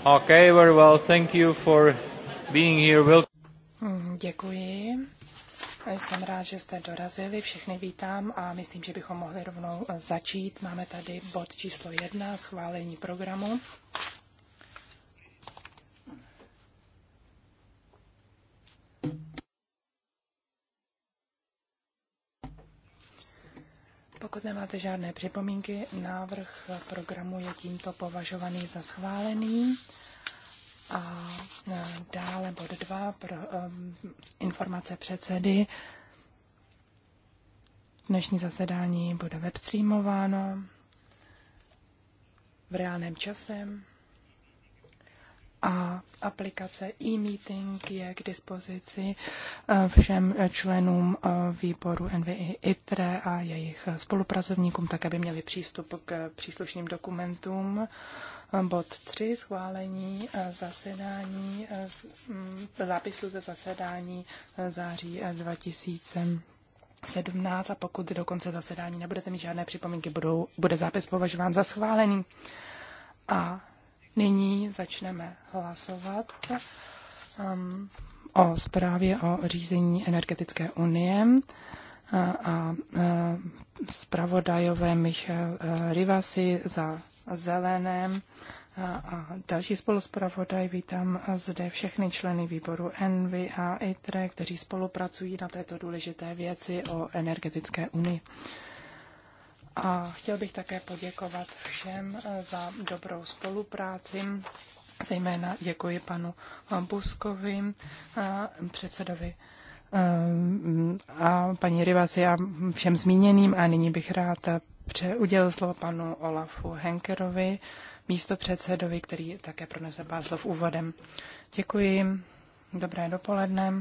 Okay, very well. Thank you for being here. Will... Mm, děkuji. Jsem rád, že jste dorazili, všechny vítám a myslím, že bychom mohli rovnou začít. Máme tady bod číslo jedna, schválení programu. Pokud nemáte žádné připomínky, návrh programu je tímto považovaný za schválený. A e, dále bod 2 pro um, informace předsedy. Dnešní zasedání bude webstreamováno v reálném časem a aplikace e-meeting je k dispozici eh, všem členům eh, výboru NVI ITRE a jejich spolupracovníkům, tak aby měli přístup k příslušným dokumentům. Eh, bod 3. Schválení zasedání, mm, zápisu ze zasedání září 2000. 17 a pokud do konce zasedání nebudete mít žádné připomínky, budou, bude zápis považován za schválený. A Nyní začneme hlasovat um, o zprávě o řízení energetické unie a, a zpravodajové Michal eh, Rivasi za zeleném a, a další spoluspravodaj. Vítám zde všechny členy výboru Envy a ITRE, kteří spolupracují na této důležité věci o energetické unii. A chtěl bych také poděkovat všem eh, za dobrou spolupráci. Zejména děkuji panu eh, Buskovi, eh, předsedovi a paní Rivasi a všem zmíněným. A nyní bych rád udělal slovo panu Olafu Henkerovi, místo předsedovi, který také pronese pár slov úvodem. Děkuji, dobré dopoledne.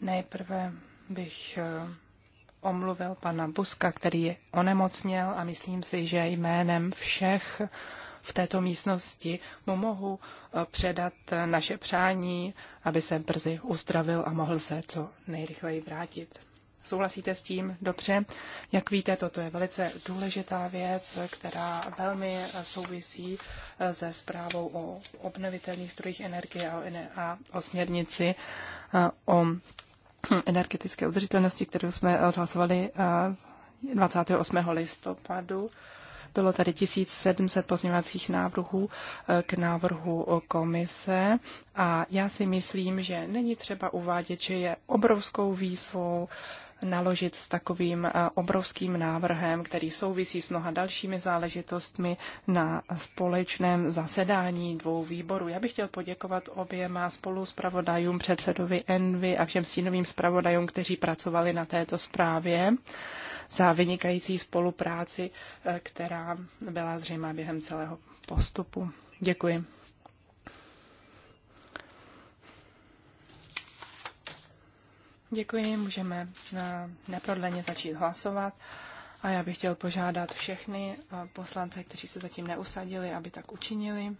Nejprve bych omluvil pana Buska, který onemocněl a myslím si, že jménem všech v této místnosti mu mohu eh, předat naše přání, aby se brzy uzdravil a mohl se co nejrychleji vrátit. Souhlasíte s tím? Dobře. Jak víte, toto je velice důležitá věc, která velmi eh, souvisí eh, se zprávou o obnovitelných zdrojích energie a o směrnici o Hm, energetické udržitelnosti, kterou jsme odhlasovali eh, 28. listopadu. Bylo tady 1700 pozměňovacích návrhů eh, k návrhu komise a já si myslím, že není třeba uvádět, že je obrovskou výzvou naložit s takovým eh, obrovským návrhem, který souvisí s mnoha dalšími záležitostmi na společném zasedání dvou výborů. Já bych chtěl poděkovat oběma spolu zpravodajům, předsedovi Envy a všem stínovým zpravodajům, kteří pracovali na této zprávě za vynikající spolupráci, eh, která byla zřejmá během celého postupu. Děkuji. Děkuji, můžeme eh, neprodleně začít hlasovat. A já bych chtěl požádat všechny eh, poslance, kteří se zatím neusadili, aby tak učinili.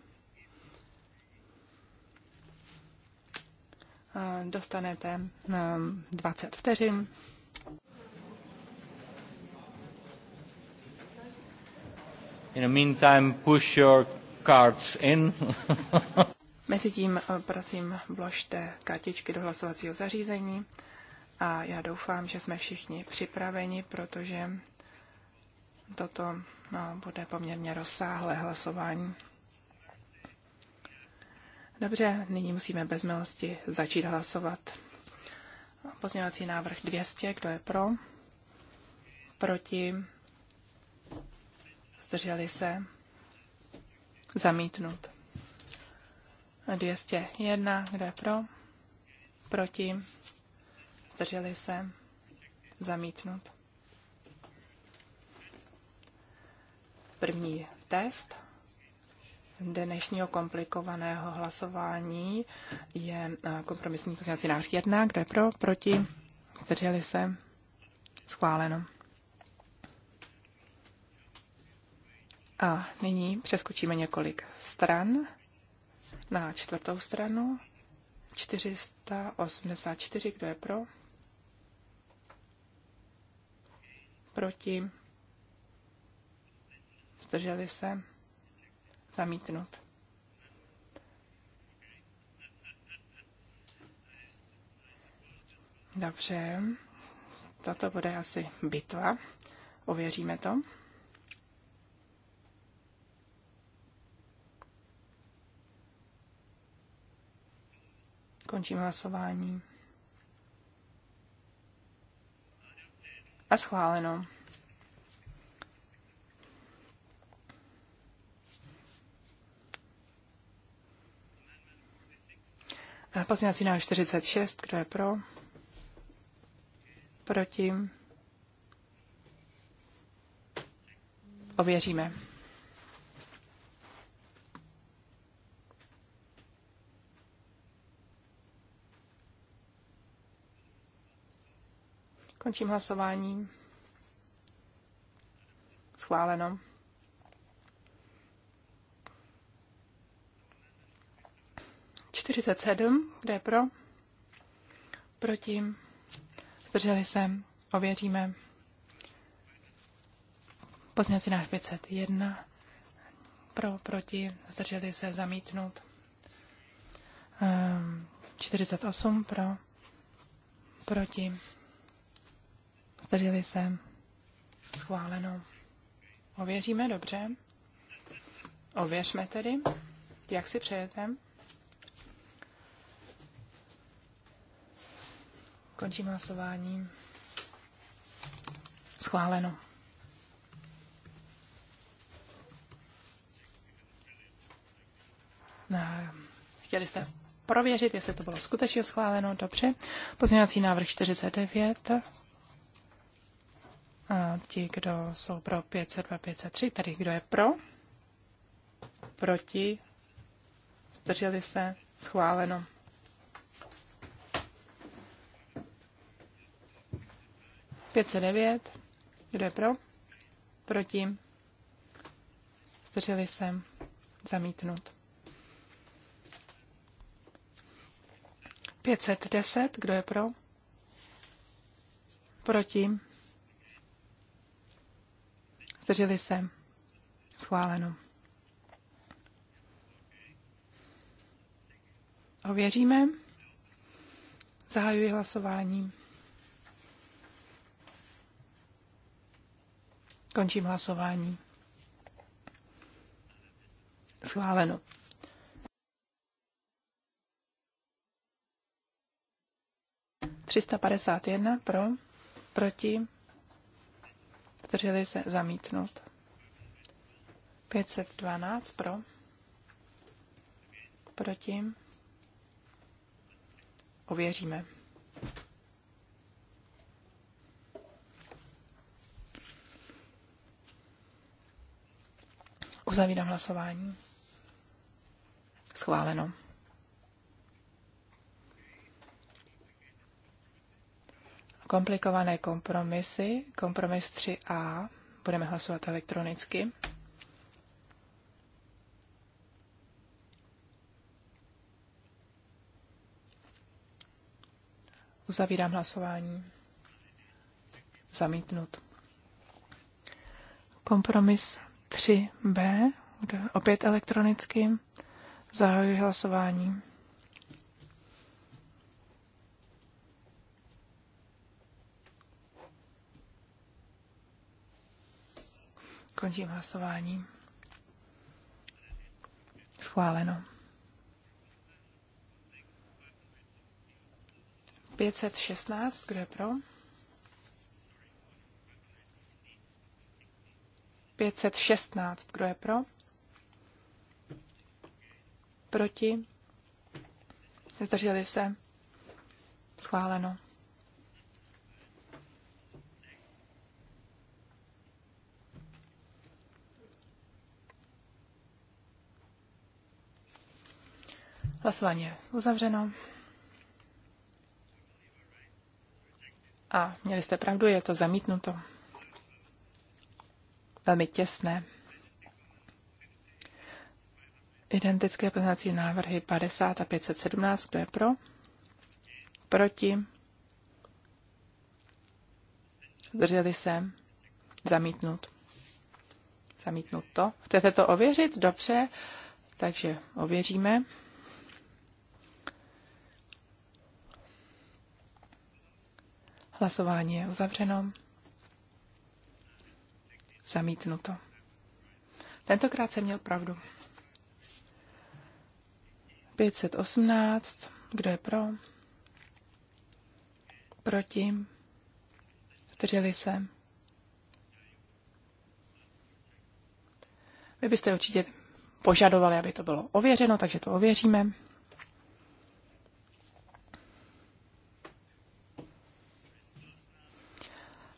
Eh, dostanete 20 vteřin. In the meantime, push your cards in. Mezi tím prosím, vložte kartičky do hlasovacího zařízení. A já doufám, že jsme všichni připraveni, protože toto no, bude poměrně rozsáhlé hlasování. Dobře, nyní musíme bez milosti začít hlasovat. Pozměňovací návrh 200, kdo je pro? Proti? Zdrželi se? Zamítnut. 201, kdo je pro? Proti? zdrželi se, zamítnut. První test dnešního komplikovaného hlasování je eh, kompromisní pozměňovací návrh 1, kde pro, proti, zdrželi se, schváleno. A nyní přeskočíme několik stran na čtvrtou stranu. 484, kdo je pro? proti, zdrželi se, zamítnut. Dobře, tato bude asi bitva. Ověříme to. Končím hlasování. a schváleno. Pozměňovací návrh 46, kdo je pro? Proti? Ověříme. Končím hlasování. Schváleno. Čtyřicet sedm, kde je pro? Proti. Zdrželi se. Ověříme. Pozměňovací návrh 501. Pro, proti, zdrželi se, zamítnout. 48 ehm, pro, proti, Zdrželi se. Schváleno. Ověříme dobře. Ověřme tedy, jak si přejete. Končím hlasování. Schváleno. Chtěli jste prověřit, jestli to bylo skutečně schváleno. Dobře. Pozměňovací návrh 49 ti, kdo jsou pro 502, 503, tedy kdo je pro, proti, zdrželi se, schváleno. Pětset devět, kdo je pro, proti, zdrželi se, zamítnut. 510, kdo je pro? Proti. Zdrželi se. Schváleno. Ověříme. Zahajuji hlasování. Končím hlasování. Schváleno. Třista padesát jedna pro, proti zdrželi se zamítnout. 512 pro, proti, ověříme. Uzavírám hlasování. Schváleno. komplikované kompromisy. Kompromis 3a. Budeme hlasovat elektronicky. Uzavírám hlasování. Zamítnut. Kompromis 3b. Opět elektronicky. Zahajuji hlasování. Končím hlasování. Schváleno. 516, kdo je pro? 516, kdo je pro? Proti? Zdrželi se? Schváleno. Hlasování je uzavřeno. A měli jste pravdu, je to zamítnuto. Velmi těsné. Identické poznací návrhy 50 a 517, kdo je pro? Proti? Zdrželi se? Zamítnut. Zamítnut to. Chcete to ověřit? Dobře. Takže ověříme. Hlasování je uzavřeno. Zamítnuto. Tentokrát jsem měl pravdu. 518. Kdo je pro? Proti? Zdrželi se? Vy byste určitě požadovali, aby to bylo ověřeno, takže to ověříme.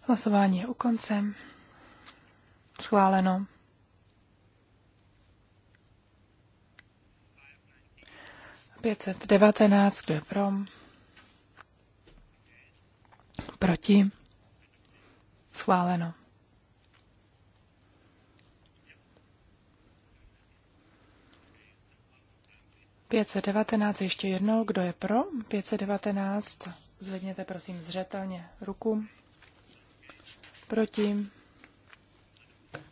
Hlasování je u konce. Schváleno. Pětset devatenáct, kdo je pro? Proti? Schváleno. Pětset devatenáct ještě jednou, kdo je pro? Pětset devatenáct, zvedněte prosím zřetelně ruku. Proti?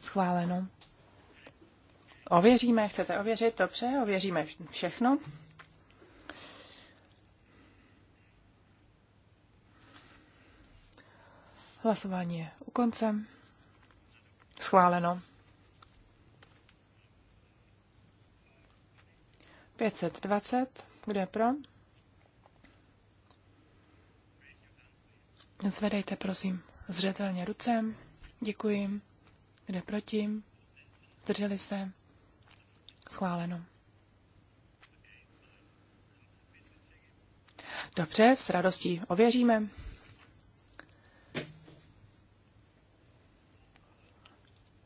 Schváleno. Ověříme, chcete ověřit? Dobře, ověříme všechno. Hlasování je u konce. Schváleno. 520. Kdo je pro? Zvedejte, prosím zřetelně rucem. Děkuji. Kde proti? Zdrželi se. Schváleno. Dobře, s radostí ověříme.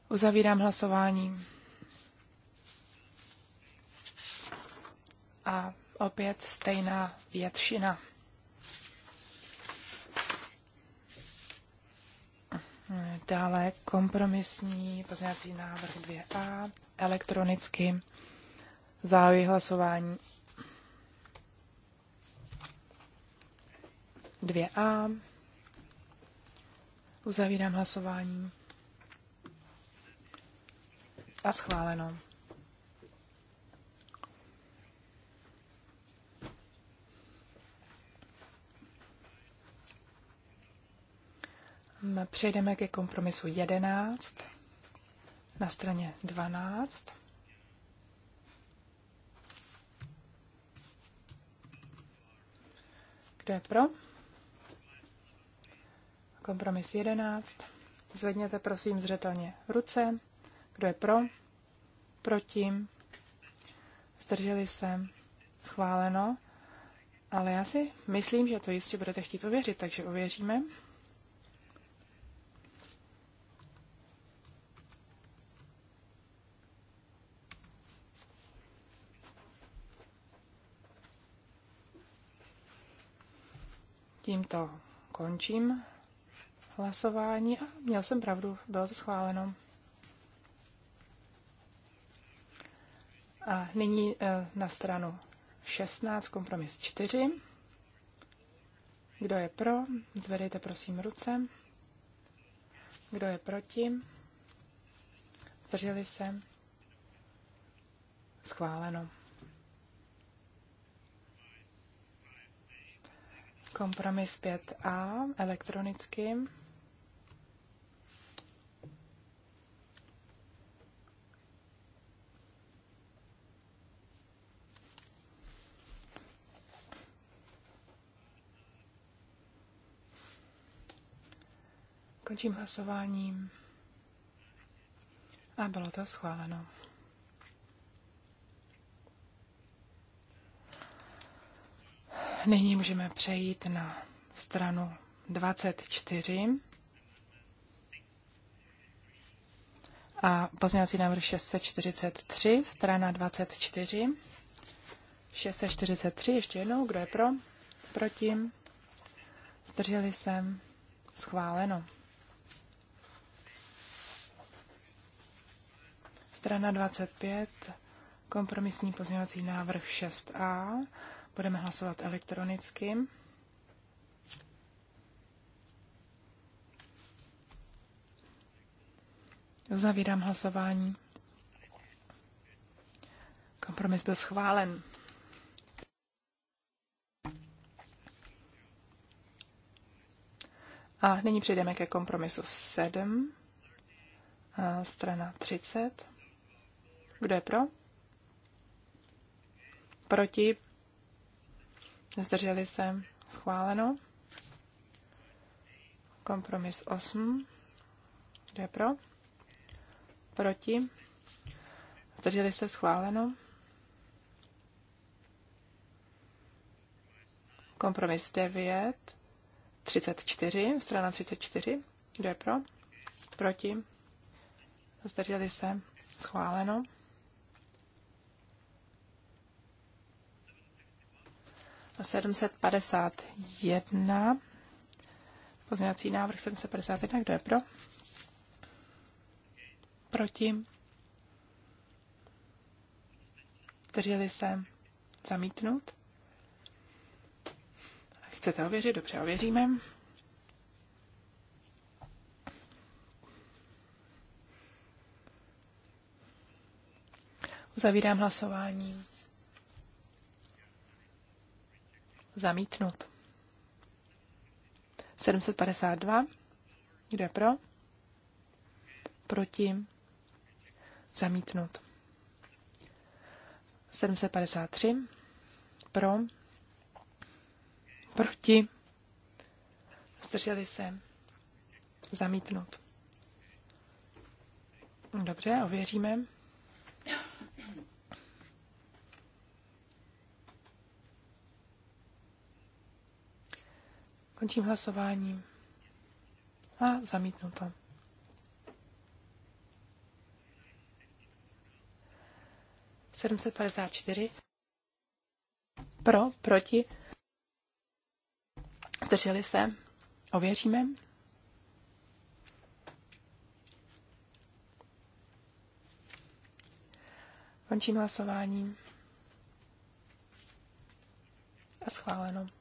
Uzavírám hlasování. A opět stejná většina. Dále kompromisní pozměňovací návrh 2a elektronicky. Zahajuji hlasování 2a. Uzavírám hlasování. A schváleno. přejdeme ke kompromisu 11 na straně 12. Kdo je pro? Kompromis 11. Zvedněte prosím zřetelně ruce. Kdo je pro? Proti? Zdrželi se? Schváleno. Ale já si myslím, že to jistě budete chtít ověřit, takže ověříme. Tímto končím hlasování a měl jsem pravdu, bylo to schváleno. A nyní eh, na stranu 16, kompromis 4. Kdo je pro, zvedejte prosím ruce. Kdo je proti, zdrželi se. Schváleno. Kompromis 5a elektronicky. Končím hlasováním. A bylo to schváleno. nyní můžeme přejít na stranu 24. A pozměňovací návrh 643, strana 24. 643, ještě jednou, kdo je pro? Proti? Zdrželi se? Schváleno. Strana 25, kompromisní pozměňovací návrh 6a. Budeme hlasovat elektronicky. Zavírám hlasování. Kompromis byl schválen. A nyní přejdeme ke kompromisu 7, strana 30. Kdo je pro? Proti? zdrželi se, schváleno. Kompromis 8, kdo je pro, proti, zdrželi se, schváleno. Kompromis 9, 34, strana 34, kdo je pro, proti, zdrželi se, schváleno. 751. Pozměňovací návrh 751. Kdo je pro? Proti? Drželi se? Zamítnout? Chcete ověřit? Dobře, ověříme. Zavírám hlasování. Zamítnut. 752. Kdo je pro? Proti. Zamítnut. 753. Pro. Proti. Zdrželi se. Zamítnut. Dobře, ověříme. Končím hlasování. A zamítnuto. Sedmset čtyři. Pro, proti. Zdrželi se. Ověříme. Končím hlasování. A schváleno.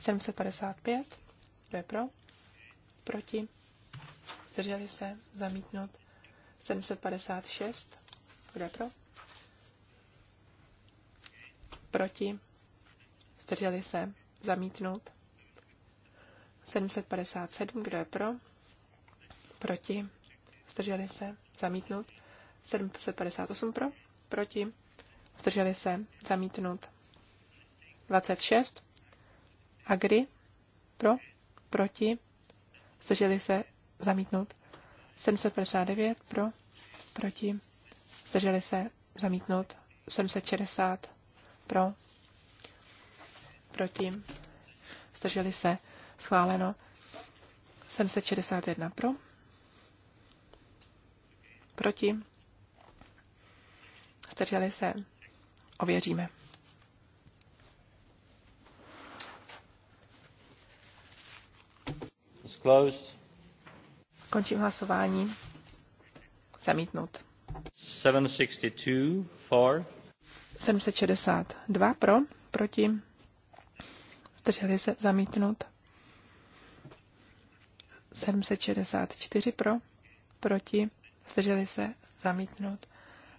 755. Kdo je pro? Proti? Zdrželi se? Zamítnout. 756. Kdo je pro? Proti? Zdrželi se? Zamítnout. 757. Kdo je pro? Proti? Zdrželi se? Zamítnout. 758 pro? Proti? Zdrželi se? Zamítnout. 26 Agri. Pro. Proti. Zdrželi se. Zamítnout. 759. Pro. Proti. Zdrželi se. Zamítnout. 760. Pro. Proti. Zdrželi se. Schváleno. 761 pro. Proti. Zdrželi se. Ověříme. closed. Končím hlasování. Zamítnout. 762 for. 762 pro, proti. Zdrželi se zamítnout. 764 pro, proti. Zdrželi se zamítnout.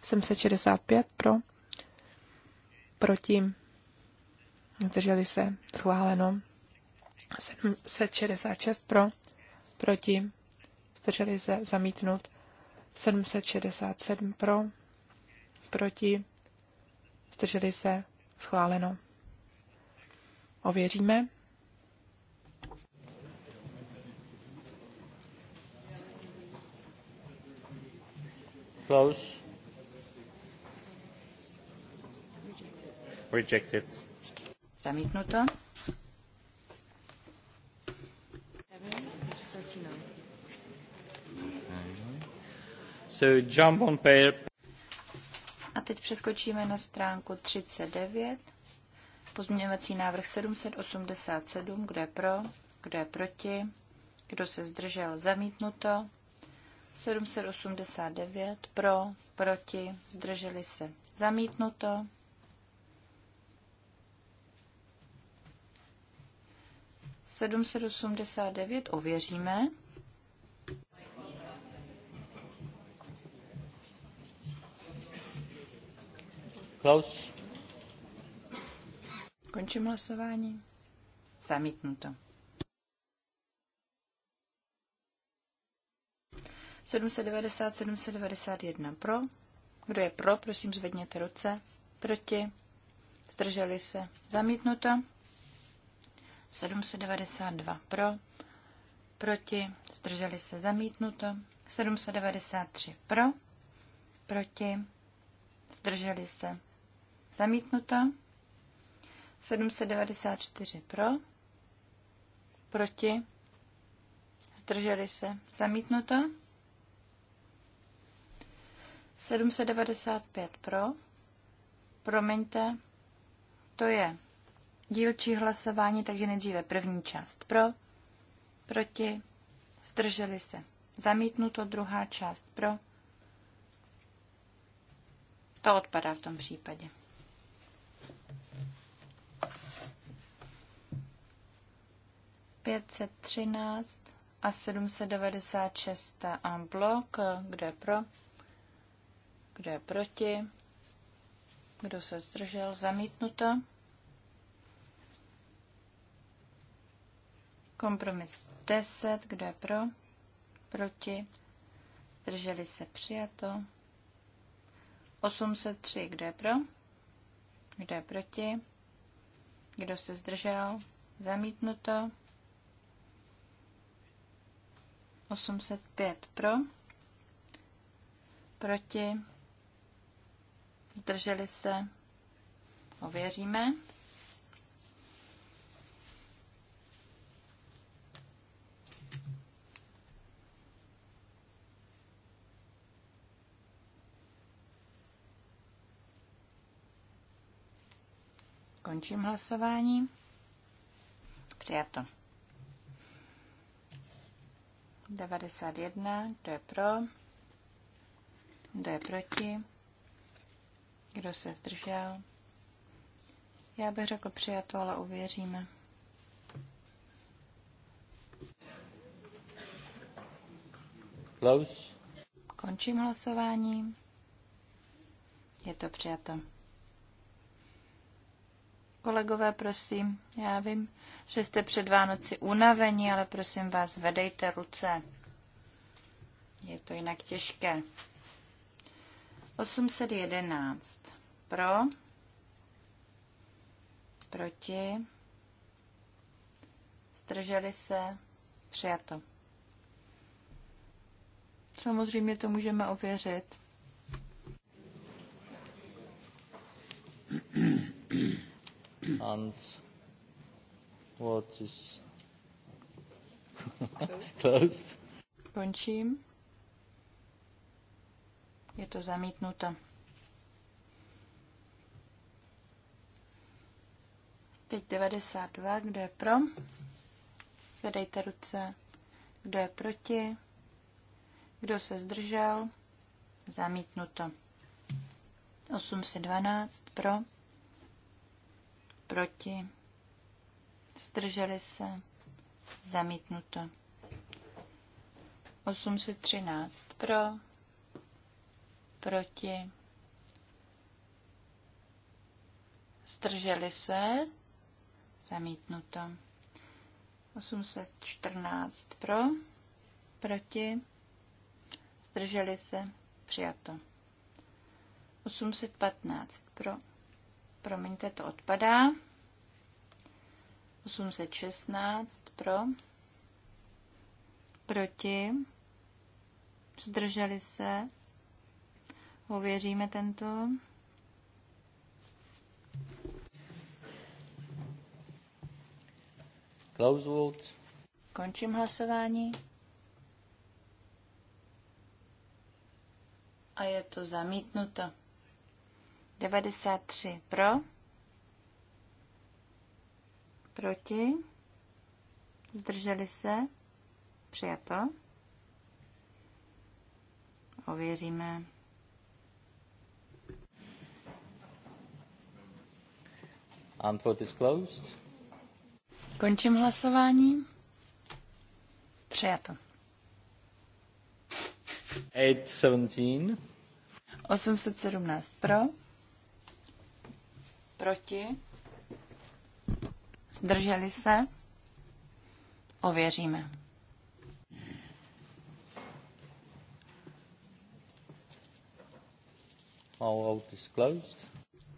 765 pro, proti. Zdrželi se schváleno. 766 pro, proti, zdrželi se zamítnout. 767 pro, proti, zdrželi se schváleno. Ověříme. Close. Rejected. Zamítnuto. So jump on pair. A teď přeskočíme na stránku 39. Pozměňovací návrh 787, kdo je pro, kdo je proti, kdo se zdržel, zamítnuto. 789, pro, proti, zdrželi se, zamítnuto. Sedm ověříme. Klaus. Končím hlasování. Zamítnuto. 790, 791 pro. Kdo je pro, prosím zvedněte ruce. Proti. Zdrželi se. Zamítnuto. 792 pro. Proti. Zdrželi se. Zamítnuto. 793 pro. Proti. Zdrželi se. Zamítnuto. 794 pro. Proti. Zdrželi se. Zamítnuto. 795 pro. Promiňte, to je dílčí hlasování, takže nejdříve první část pro, proti, zdrželi se. Zamítnuto druhá část pro. To odpadá v tom případě. 513 a 796 en blok. Kdo je pro? Kdo je proti? Kdo se zdržel? Zamítnuto. Kompromis 10. Kdo je pro? Proti? Zdrželi se přijato. 803. Kdo je pro? Kdo je proti? Kdo se zdržel? Zamítnuto. 805 pro, proti, zdrželi se, ověříme. Končím hlasování. Přijato. 91. Kdo je pro? Kdo je proti? Kdo se zdržel? Já bych řekl přijato, ale uvěříme. Close. Končím hlasování. Je to přijato. Kolegové, prosím, já vím, že jste před Vánoci unavení, ale prosím vás, vedejte ruce. Je to jinak těžké. 811. Pro. Proti. Zdrželi se. Přijato. Samozřejmě to můžeme ověřit. and what is closed. Končím. Je to zamítnuto. Teď 92. Kdo je pro? Zvedejte ruce. Kdo je proti? Kdo se zdržel? Zamítnuto. 812 pro proti, zdrželi se, zamítnuto. 813 pro, proti, zdrželi se, zamítnuto. 814 pro, proti, zdrželi se, přijato. 815 pro, promiňte, to odpadá. 816 pro, proti, zdrželi se, ověříme tento. Close vote. Končím hlasování. A je to zamítnuto. 93 pro, proti, zdrželi se, přijato. Ověříme. is closed. Končím hlasování. Přijato. 817. 817 pro Proti? Zdrželi se? Ověříme.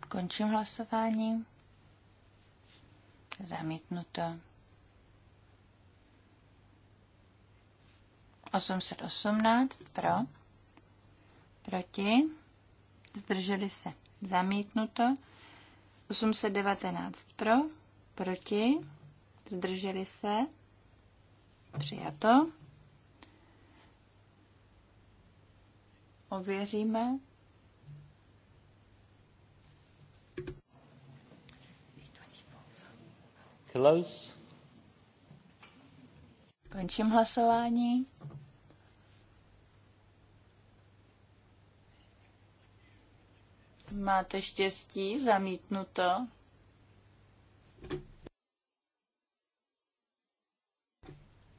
Končím hlasování. Zamítnuto. 818 pro. Proti. Zdrželi se. Zamítnuto. 819 pro, proti, zdrželi se, přijato. Ověříme. Close. Končím hlasování. Máte štěstí, zamítnuto.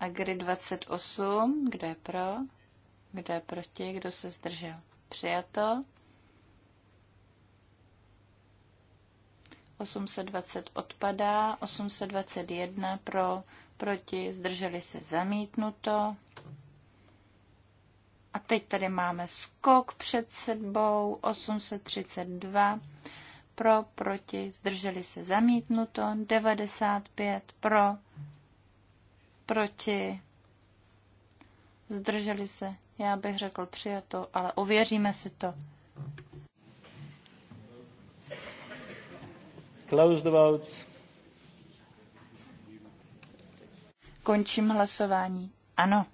Agri 28, kde je pro, kde je proti, kdo se zdržel. Přijato. 820 odpadá, 821 pro, proti, zdrželi se zamítnuto. A teď tady máme skok před sebou 832 pro, proti, zdrželi se zamítnuto, 95 pro, proti, zdrželi se, já bych řekl přijato, ale uvěříme si to. Close the vote. Končím hlasování. Ano,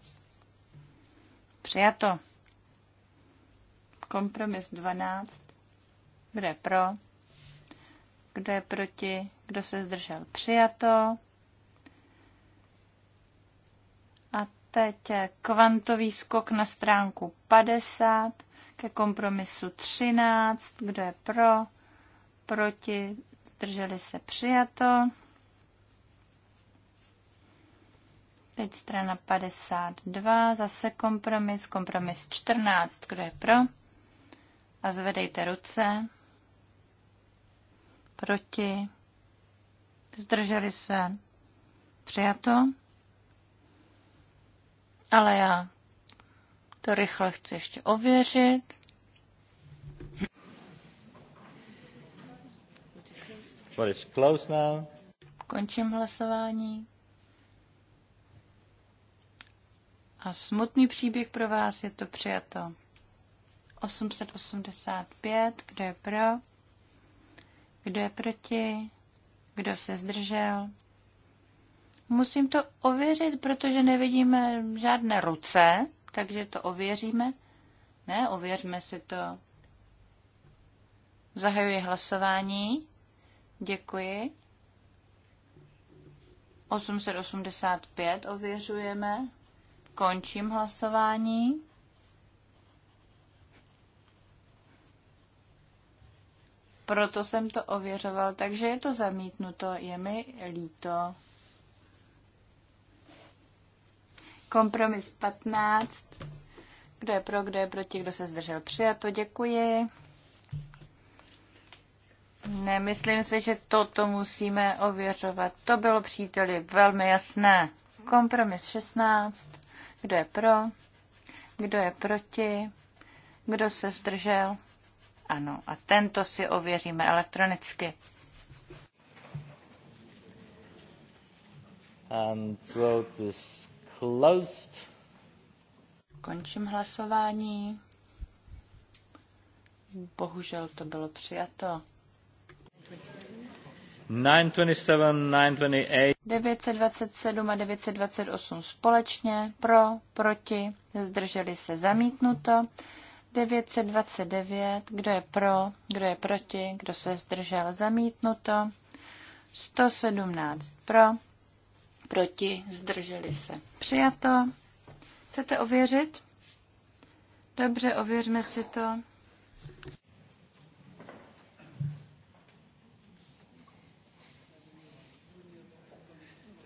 Přijato. Kompromis 12. Kdo je pro? Kdo je proti? Kdo se zdržel? Přijato. A teď kvantový skok na stránku 50 ke kompromisu 13. Kdo je pro? Proti? Zdrželi se? Přijato. Teď strana 52, zase kompromis, kompromis 14, kdo je pro? A zvedejte ruce. Proti. Zdrželi se. Přijato. Ale já to rychle chci ještě ověřit. Končím hlasování. a smutný příběh pro vás, je to přijato. 885, kdo je pro, kdo je proti, kdo se zdržel. Musím to ověřit, protože nevidíme žádné ruce, takže to ověříme. Ne, ověřme si to. Zahajuji hlasování. Děkuji. 885 ověřujeme. Končím hlasování. Proto jsem to ověřoval, takže je to zamítnuto, je mi líto. Kompromis 15. Kdo je pro, kdo je proti, kdo se zdržel přijato, děkuji. Nemyslím si, že toto musíme ověřovat. To bylo, příteli, velmi jasné. Kompromis 16. Kdo je pro? Kdo je proti? Kdo se zdržel? Ano, a tento si ověříme elektronicky. And vote is closed. Končím hlasování. Bohužel to bylo přijato. 927, 928. 927 a 928 společně, pro, proti, zdrželi se zamítnuto. 929, kdo je pro, kdo je proti, kdo se zdržel zamítnuto. 117 pro, proti, zdrželi se. Přijato. Chcete ověřit? Dobře, ověřme si to.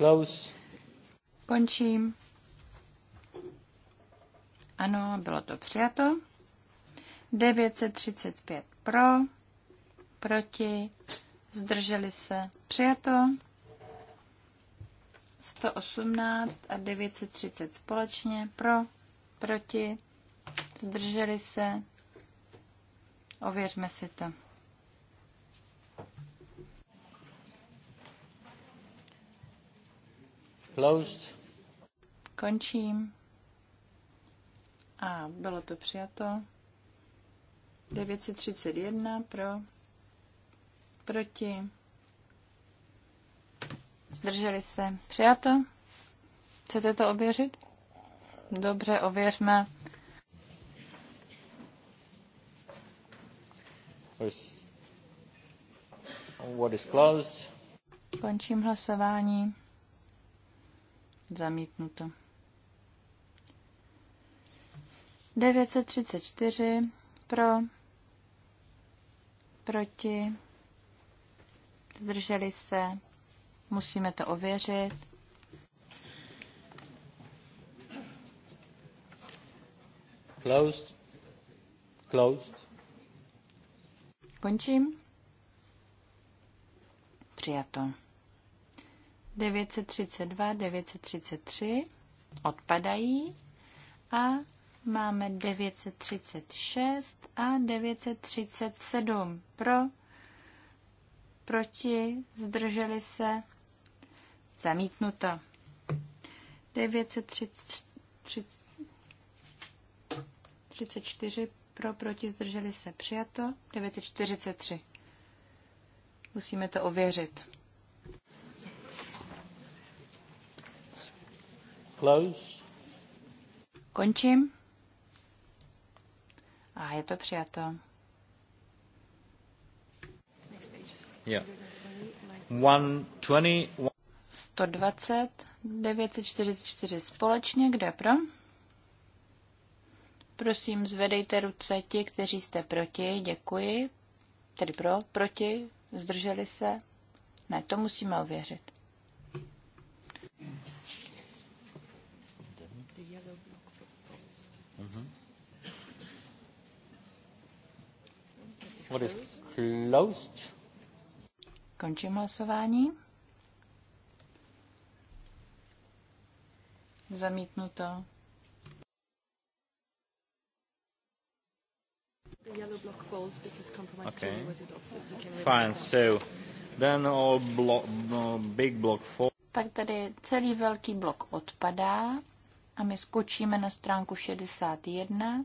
Close. Končím. Ano, bylo to přijato. 935 pro, proti, zdrželi se, přijato. 118 a 930 společně pro, proti, zdrželi se. Ověřme si to. Closed. Končím. A bylo to přijato. 931 pro, proti, zdrželi se. Přijato? Chcete to ověřit? Dobře, ověřme. What is closed? Končím hlasování. Zamítnuto. 934 pro, proti, zdrželi se, musíme to ověřit. Closed. Closed. Končím. Přijato. 932, 933 odpadají a máme 936 a 937 pro, proti, zdrželi se, zamítnuto. 934 pro, proti, zdrželi se, přijato. 943. Musíme to ověřit. Končím. A je to přijato. Yeah. 120, 120, 944 společně, kde pro? Prosím, zvedejte ruce ti, kteří jste proti, děkuji. Tedy pro, proti, zdrželi se? Ne, to musíme ověřit. What is closed? Končím hlasování. Zamítnuto. okay. Fine, so then all block, no, big block four. Pak tady celý velký blok odpadá a my skočíme na stránku 61.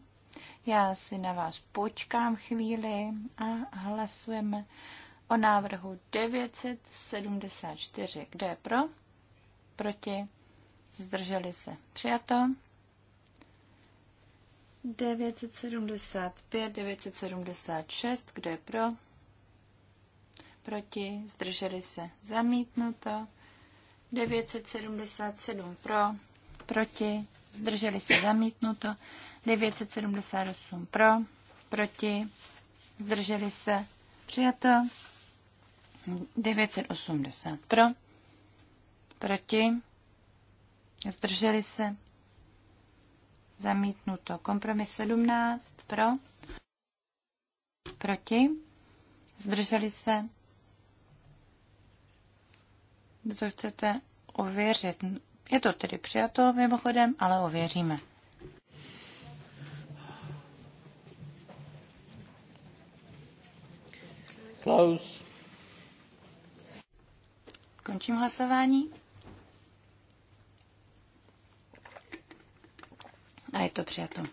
Já si na vás počkám chvíli a hlasujeme o návrhu 974. Kdo je pro? Proti? Zdrželi se. Přijato. 975, 976. Kdo je pro? Proti? Zdrželi se. Zamítnuto. 977 pro, proti, zdrželi se zamítnuto. 978 pro, proti, zdrželi se, přijato. 980 pro, proti, zdrželi se, zamítnuto. Kompromis 17 pro, proti, zdrželi se. Co chcete ověřit. Je to tedy přijato mimochodem, ale ověříme. Close. Končím hlasování. A je to přijato.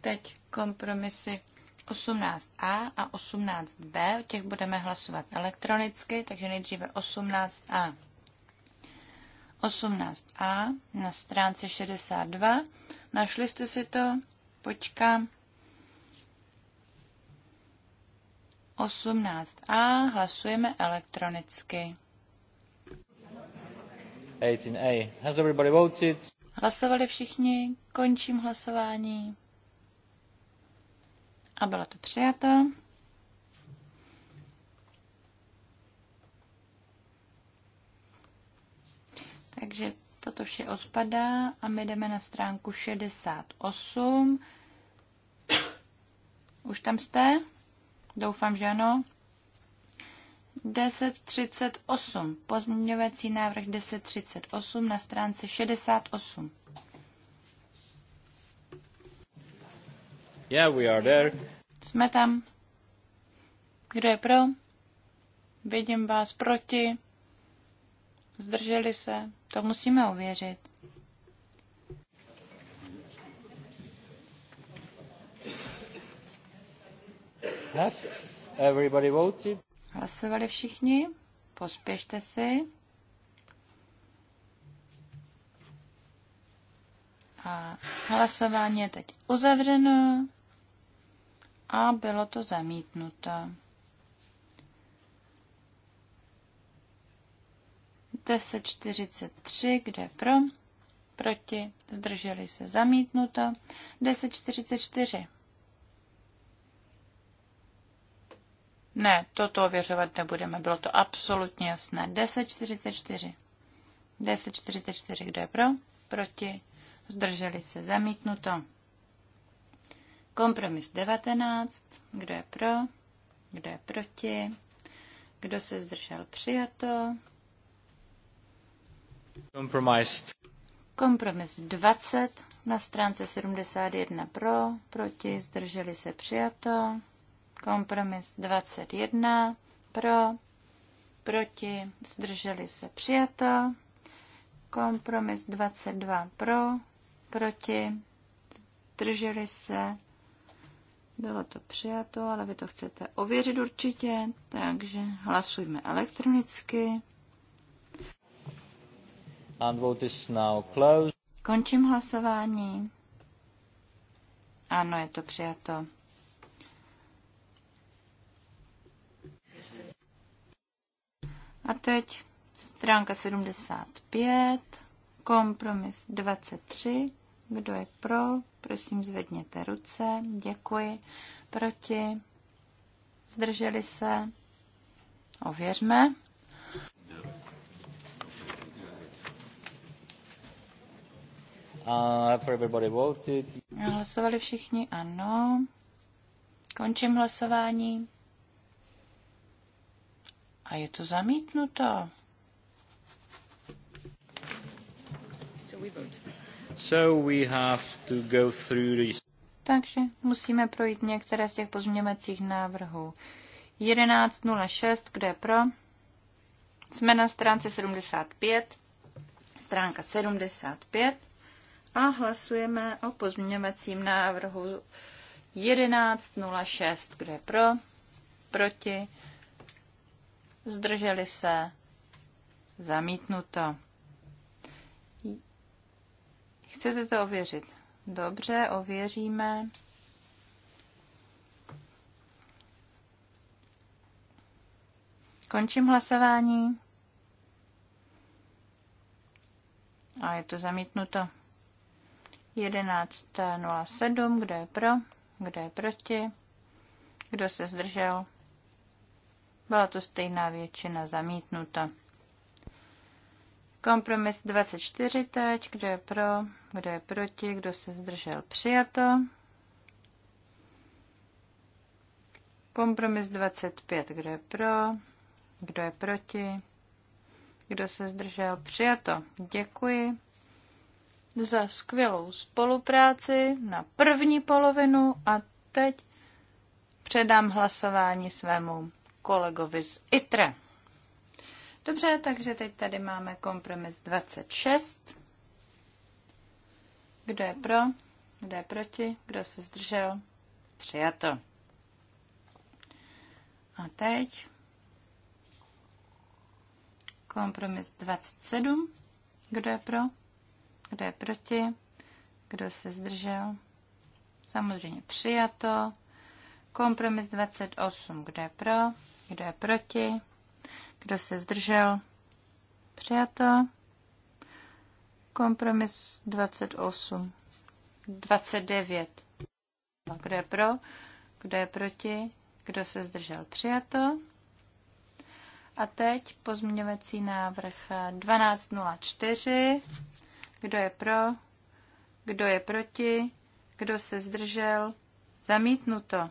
Teď kompromisy 18a a 18b, o těch budeme hlasovat elektronicky, takže nejdříve 18a. 18a na stránce 62. Našli jste si to? Počkám. 18a hlasujeme elektronicky. 18a. Has everybody voted? Hlasovali všichni, končím hlasování. A byla to přijata. Takže toto vše odpadá a my jdeme na stránku 68. Už tam jste? Doufám, že ano. 1038. Pozměňovací návrh 1038 na stránce 68. Yeah, we are there. Jsme tam. Kdo je pro? Vidím vás proti. Zdrželi se. To musíme uvěřit. Hlasovali všichni? Pospěšte si. A hlasování je teď uzavřeno a bylo to zamítnuto. Deset čtyřicet tři, kde pro, proti, zdrželi se zamítnuto. Deset čtyřicet čtyři. Ne, toto ověřovat nebudeme, bylo to absolutně jasné. 10.44. 10.44, kdo je pro? Proti. Zdrželi se zamítnuto. Kompromis 19. Kdo je pro? Kdo je proti? Kdo se zdržel přijato? Kompromis. Kompromis 20 na stránce 71 pro, proti, zdrželi se přijato. Kompromis 21 pro, proti, zdrželi se přijato. Kompromis 22 pro, proti, zdrželi se. Bylo to přijato, ale vy to chcete ověřit určitě, takže hlasujme elektronicky. And vote is now closed. Končím hlasování. Ano, je to přijato. A teď stránka 75, kompromis 23. Kdo je pro? Prosím, zvedněte ruce. Děkuji. Proti? Zdrželi se? Ověřme. Uh, Hlasovali všichni? Ano. Končím hlasování. A je to zamítnuto. So we have to go through these. Takže musíme projít některé z těch pozměňovacích návrhů. 11.06, kde je pro? Jsme na stránce 75, stránka 75 a hlasujeme o pozměňovacím návrhu 11.06, kde je pro, proti, zdrželi se, zamítnuto. Chcete to ověřit? Dobře, ověříme. Končím hlasování. A je to zamítnuto. 11.07. Kdo je pro? Kdo je proti? Kdo se zdržel? Byla to stejná většina zamítnuta. Kompromis 24 teď, kdo je pro, kdo je proti, kdo se zdržel přijato. Kompromis 25, kdo je pro, kdo je proti, kdo se zdržel přijato. Děkuji za skvělou spolupráci na první polovinu a teď předám hlasování svému kolegovi z ITRE. Dobře, takže teď tady máme kompromis 26. Kdo je pro? Kdo je proti? Kdo se zdržel? Přijato. A teď kompromis 27. Kdo je pro? Kdo je proti? Kdo se zdržel? Samozřejmě přijato. Kompromis 28. Kdo je pro? Kdo je proti? Kdo se zdržel? Přijato. Kompromis 28. 29. Kdo je pro? Kdo je proti? Kdo se zdržel? Přijato. A teď pozměňovací návrh 1204. Kdo je pro? Kdo je proti? Kdo se zdržel? Zamítnuto.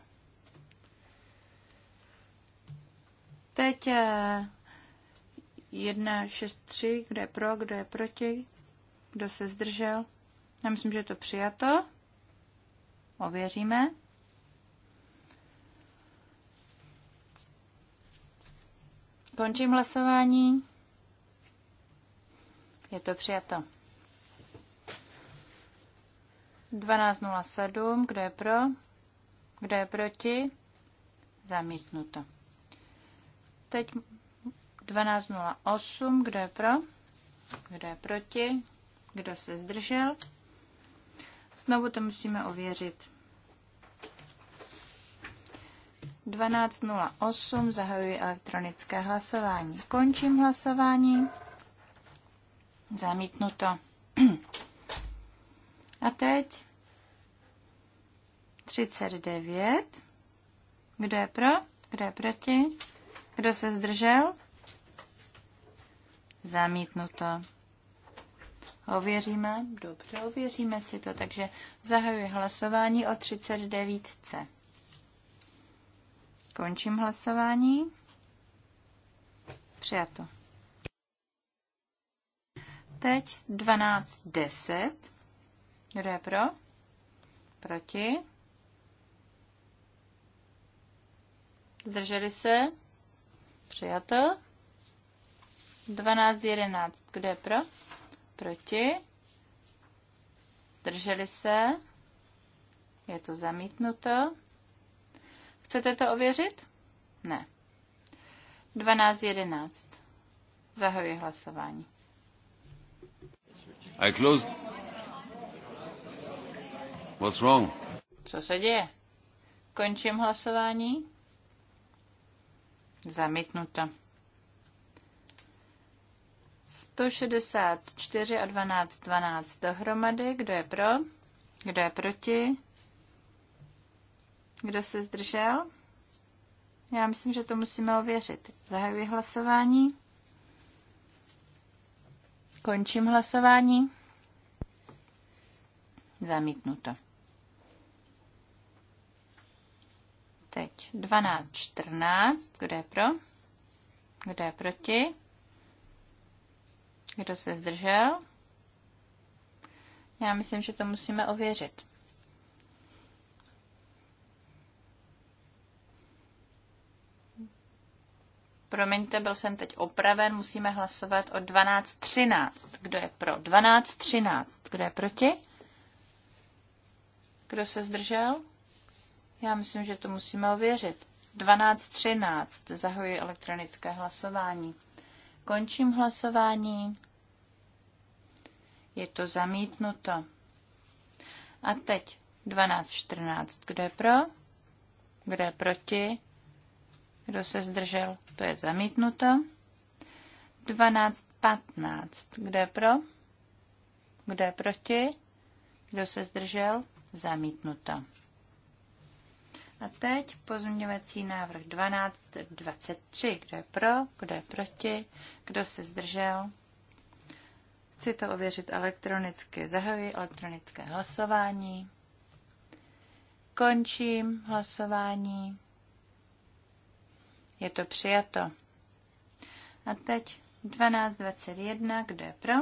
Teď 1, 6, 3, kdo je pro, kdo je proti, kdo se zdržel. Já myslím, že je to přijato. Ověříme. Končím hlasování. Je to přijato. 12.07. Kdo je pro? Kdo je proti? Zamítnuto. Teď 12.08. Kdo je pro? Kdo je proti? Kdo se zdržel? Znovu to musíme ověřit. 12.08 zahajuji elektronické hlasování. Končím hlasování. Zamítnuto. A teď 39. Kdo je pro? Kdo je proti? Kdo se zdržel? Zamítnuto. Ověříme? Dobře, ověříme si to. Takže zahajuji hlasování o 39C. Končím hlasování. Přijato. Teď 12.10. Kdo je pro? Proti? Zdrželi se? Přijato. 12, 11. Kdo je pro? Proti. Zdrželi se. Je to zamítnuto. Chcete to ověřit? Ne. 12, 11. Zahajuji hlasování. I closed. What's wrong? Co se děje? Končím hlasování. Zamítnuto. 164 a 12, 12 dohromady. Kdo je pro? Kdo je proti? Kdo se zdržel? Já myslím, že to musíme ověřit. Zahajuji hlasování. Končím hlasování. Zamítnuto. Teď 12, 14. Kdo je pro? Kdo je proti? Kdo se zdržel? Já myslím, že to musíme ověřit. Promiňte, byl jsem teď opraven, musíme hlasovat o 12.13. Kdo je pro? 12.13. Kdo je proti? Kdo se zdržel? Já myslím, že to musíme ověřit. 12.13. Zahoji elektronické hlasování. Končím hlasování. Je to zamítnuto. A teď 12.14. Kdo je pro? Kdo je proti? Kdo se zdržel? To je zamítnuto. 12.15. Kdo je pro? Kdo je proti? Kdo se zdržel? Zamítnuto. A teď pozměňovací návrh 1223. Kdo je pro, kdo je proti, kdo se zdržel. Chci to ověřit elektronicky. Zahajuji elektronické hlasování. Končím hlasování. Je to přijato. A teď 12.21. Kdo je pro?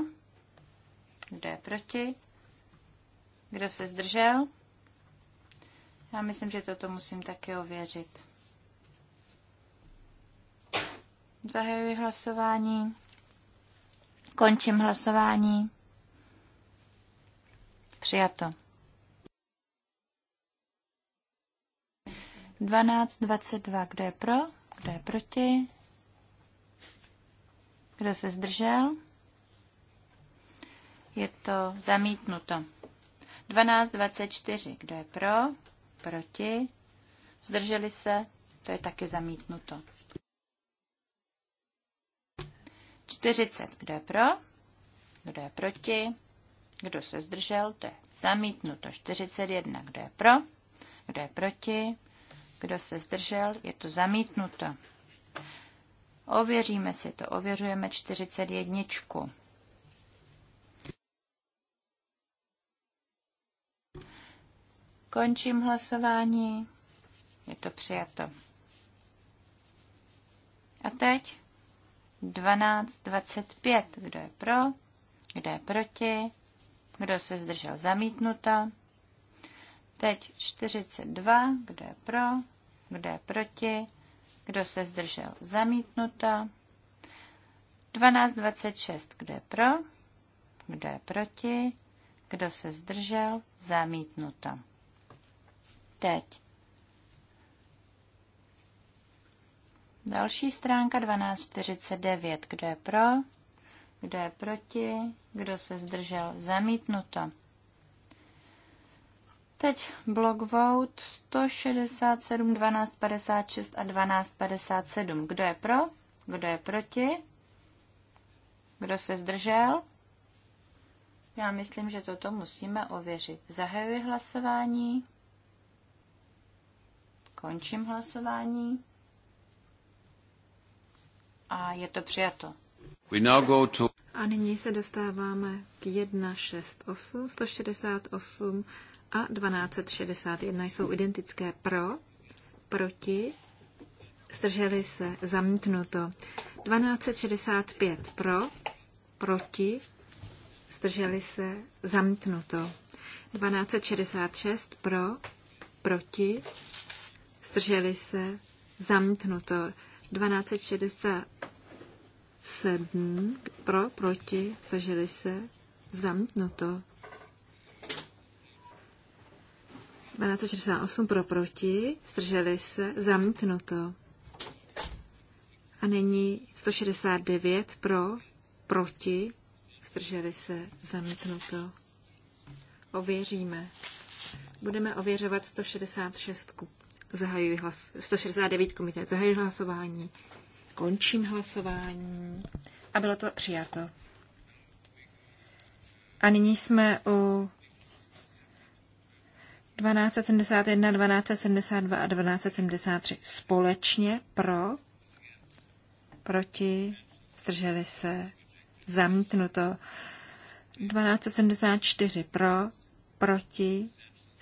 Kdo je proti? Kdo se zdržel? Já myslím, že toto musím také ověřit. Zahajuji hlasování. Končím hlasování. Přijato. 12.22. Kdo je pro? Kdo je proti? Kdo se zdržel? Je to zamítnuto. 12.24. Kdo je pro? proti, zdrželi se, to je taky zamítnuto. 40, kdo je pro, kdo je proti, kdo se zdržel, to je zamítnuto. 41, kdo je pro, kdo je proti, kdo se zdržel, je to zamítnuto. Ověříme si to, ověřujeme 41. Končím hlasování. Je to přijato. A teď 12.25. Kdo je pro? Kdo je proti? Kdo se zdržel zamítnuto? Teď 42. Kdo je pro? Kdo je proti? Kdo se zdržel zamítnuto? 12.26. Kdo je pro? Kdo je proti? Kdo se zdržel? Zamítnuto teď. Další stránka 1249. Kdo je pro? Kdo je proti? Kdo se zdržel? Zamítnuto. Teď blog vote 167, 1256 a 1257. Kdo je pro? Kdo je proti? Kdo se zdržel? Já myslím, že toto musíme ověřit. Zahajuji hlasování. Končím hlasování. A je to přijato. We now go to... A nyní se dostáváme k 168, 168 a 1261 jsou identické pro, proti, zdrželi se, zamítnuto. 1265 pro, proti, zdrželi se, zamítnuto. 1266 pro, proti, zdrželi se, zamítnuto. 1267 pro, proti, zdrželi se, zamítnuto. 1268 pro, proti, zdrželi se, zamítnuto. A nyní 169 pro, proti, zdrželi se, zamítnuto. Ověříme. Budeme ověřovat 166 kup. Zahajuji hlas... 169 komitet. Zahajuji hlasování. Končím hlasování. A bylo to přijato. A nyní jsme u 1271, 1272 a 1273 společně pro, proti, zdrželi se, zamítnuto. 1274 pro, proti,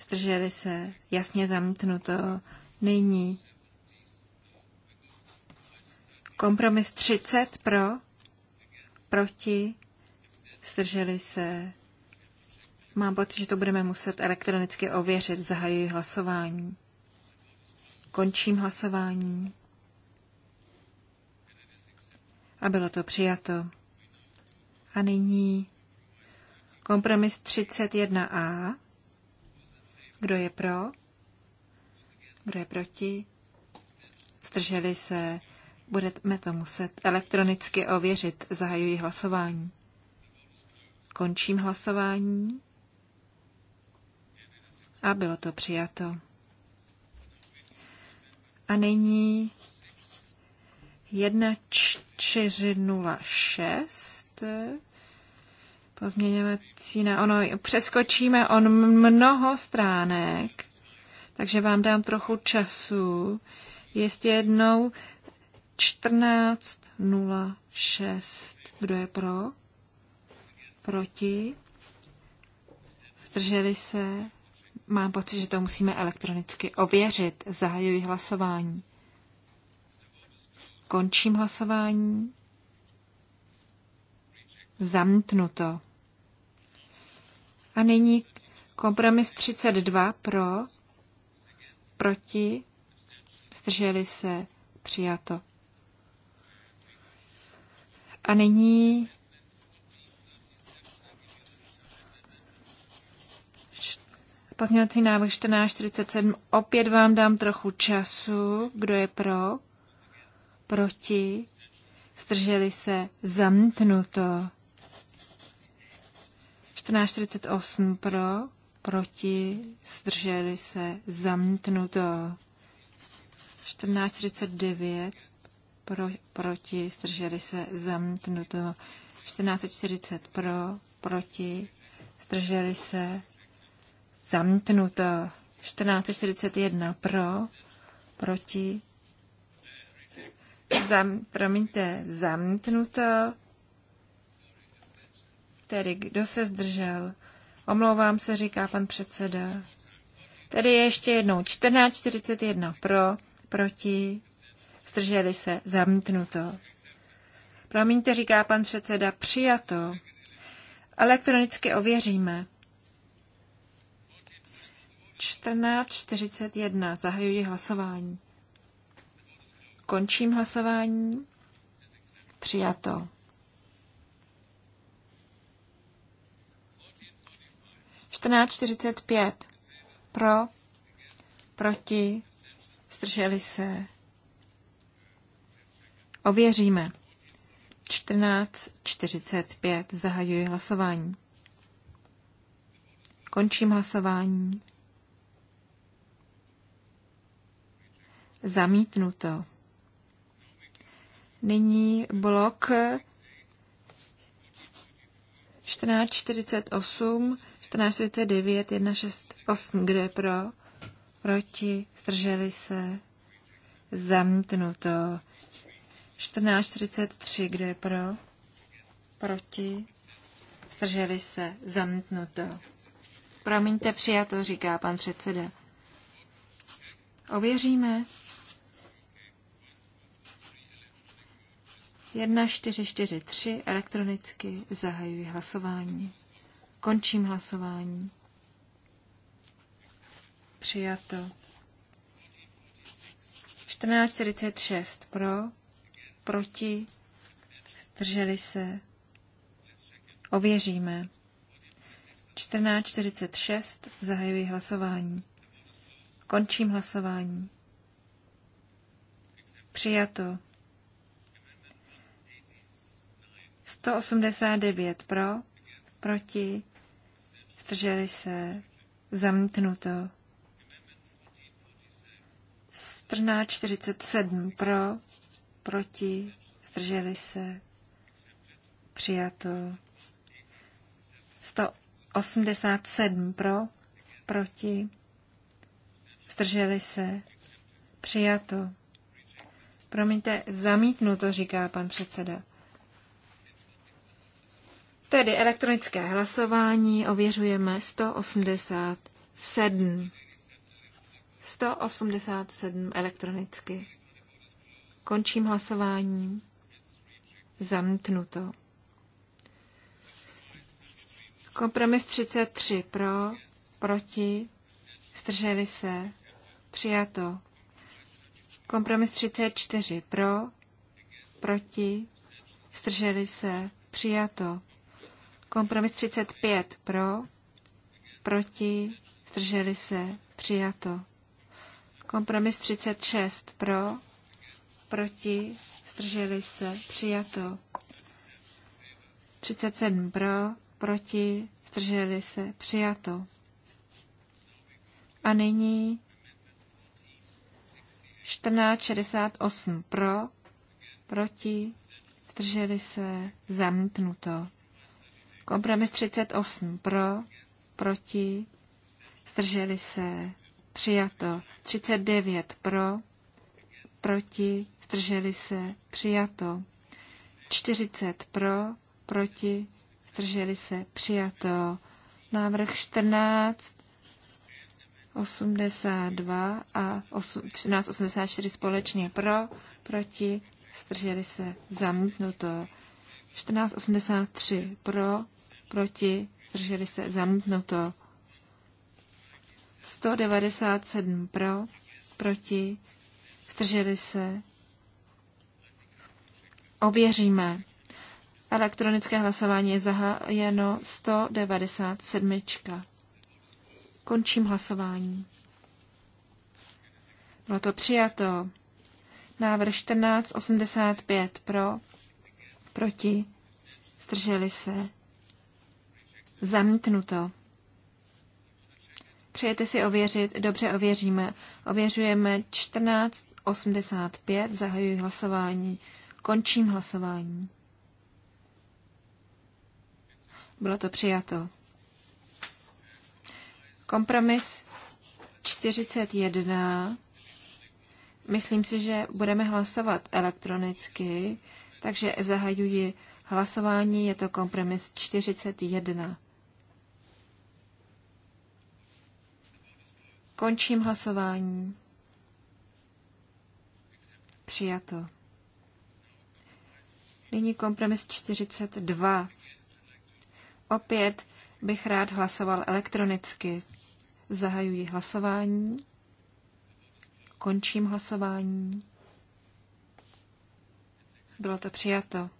zdrželi se, jasně zamítnuto. Nyní kompromis 30 pro, proti, zdrželi se. Mám pocit, že to budeme muset elektronicky ověřit. Zahajuji hlasování. Končím hlasování. A bylo to přijato. A nyní kompromis 31a kdo je pro? Kdo je proti? Zdrželi se. Budeme to muset elektronicky ověřit. Zahajuji hlasování. Končím hlasování. A bylo to přijato. A nyní 1406 Pozměňovací na ono, přeskočíme on mnoho stránek, takže vám dám trochu času. Ještě jednou 14.06. Kdo je pro? Proti? Zdrželi se? Mám pocit, že to musíme elektronicky ověřit. Zahajuji hlasování. Končím hlasování. to. A nyní kompromis 32 pro, proti, zdrželi se, přijato. A nyní Pozměňovací návrh 1447. Opět vám dám trochu času. Kdo je pro? Proti? Zdrželi se? Zamítnuto. 14.48 pro, proti, zdrželi se, zamítnuto. 14.49 pro, proti, zdrželi se, zamítnuto. 14.40 pro, proti, zdrželi se, zamítnuto. 14.41 pro, proti, zam, promiňte, zamítnuto. Tedy kdo se zdržel? Omlouvám se, říká pan předseda. Tedy ještě jednou 14.41 pro, proti, zdrželi se, zamítnuto. Promiňte, říká pan předseda, přijato. Elektronicky ověříme. 14.41. Zahajuji hlasování. Končím hlasování. Přijato. 1445 pro, proti, zdrželi se. Ověříme. 1445 zahajuji hlasování. Končím hlasování. Zamítnuto. Nyní blok 1448 1449, 168, kdo je pro, proti, zdrželi se, zamítnuto. 1443, kdo je pro, proti, zdrželi se, zamítnuto. Promiňte, přijato, říká pan předseda. Ověříme. 1443 elektronicky zahajují hlasování. Končím hlasování. Přijato. 14.46 pro, proti, zdrželi se. Ověříme. 14.46 zahajuji hlasování. Končím hlasování. Přijato. 189 pro, proti, Zdrželi se. Zamítnuto. 47 pro, proti, zdrželi se, přijato. 187 pro, proti, zdrželi se, přijato. Promiňte, zamítnuto, říká pan předseda. Tedy elektronické hlasování ověřujeme 187. 187 elektronicky. Končím hlasování. Zamknuto. Kompromis 33 pro, proti, strželi se, přijato. Kompromis 34 pro, proti, strželi se, přijato. Kompromis 35 pro, proti, zdrželi se, přijato. Kompromis 36 pro, proti, zdrželi se, přijato. 37 pro, proti, zdrželi se, přijato. A nyní 1468 pro, proti, zdrželi se, zamítnuto. Kompromis 38 pro, proti, zdrželi se, přijato. 39 pro, proti, zdrželi se, přijato. 40 pro, proti, zdrželi se, přijato. Návrh 14, 82 a 1384 společně pro, proti, zdrželi se, zamítnuto. 1483 pro, proti, drželi se, zamítnuto. 197 pro, proti, zdrželi se. Ověříme. Elektronické hlasování je zahájeno 197. Končím hlasování. Bylo to přijato. Návrh 1485 pro, proti, zdrželi se. Zamítnuto. Přejete si ověřit? Dobře, ověříme. Ověřujeme 1485, zahajuji hlasování. Končím hlasování. Bylo to přijato. Kompromis 41. Myslím si, že budeme hlasovat elektronicky, takže zahajuji hlasování, je to kompromis 41. Končím hlasování. Přijato. Nyní kompromis 42. Opět bych rád hlasoval elektronicky. Zahajuji hlasování. Končím hlasování. Bylo to přijato.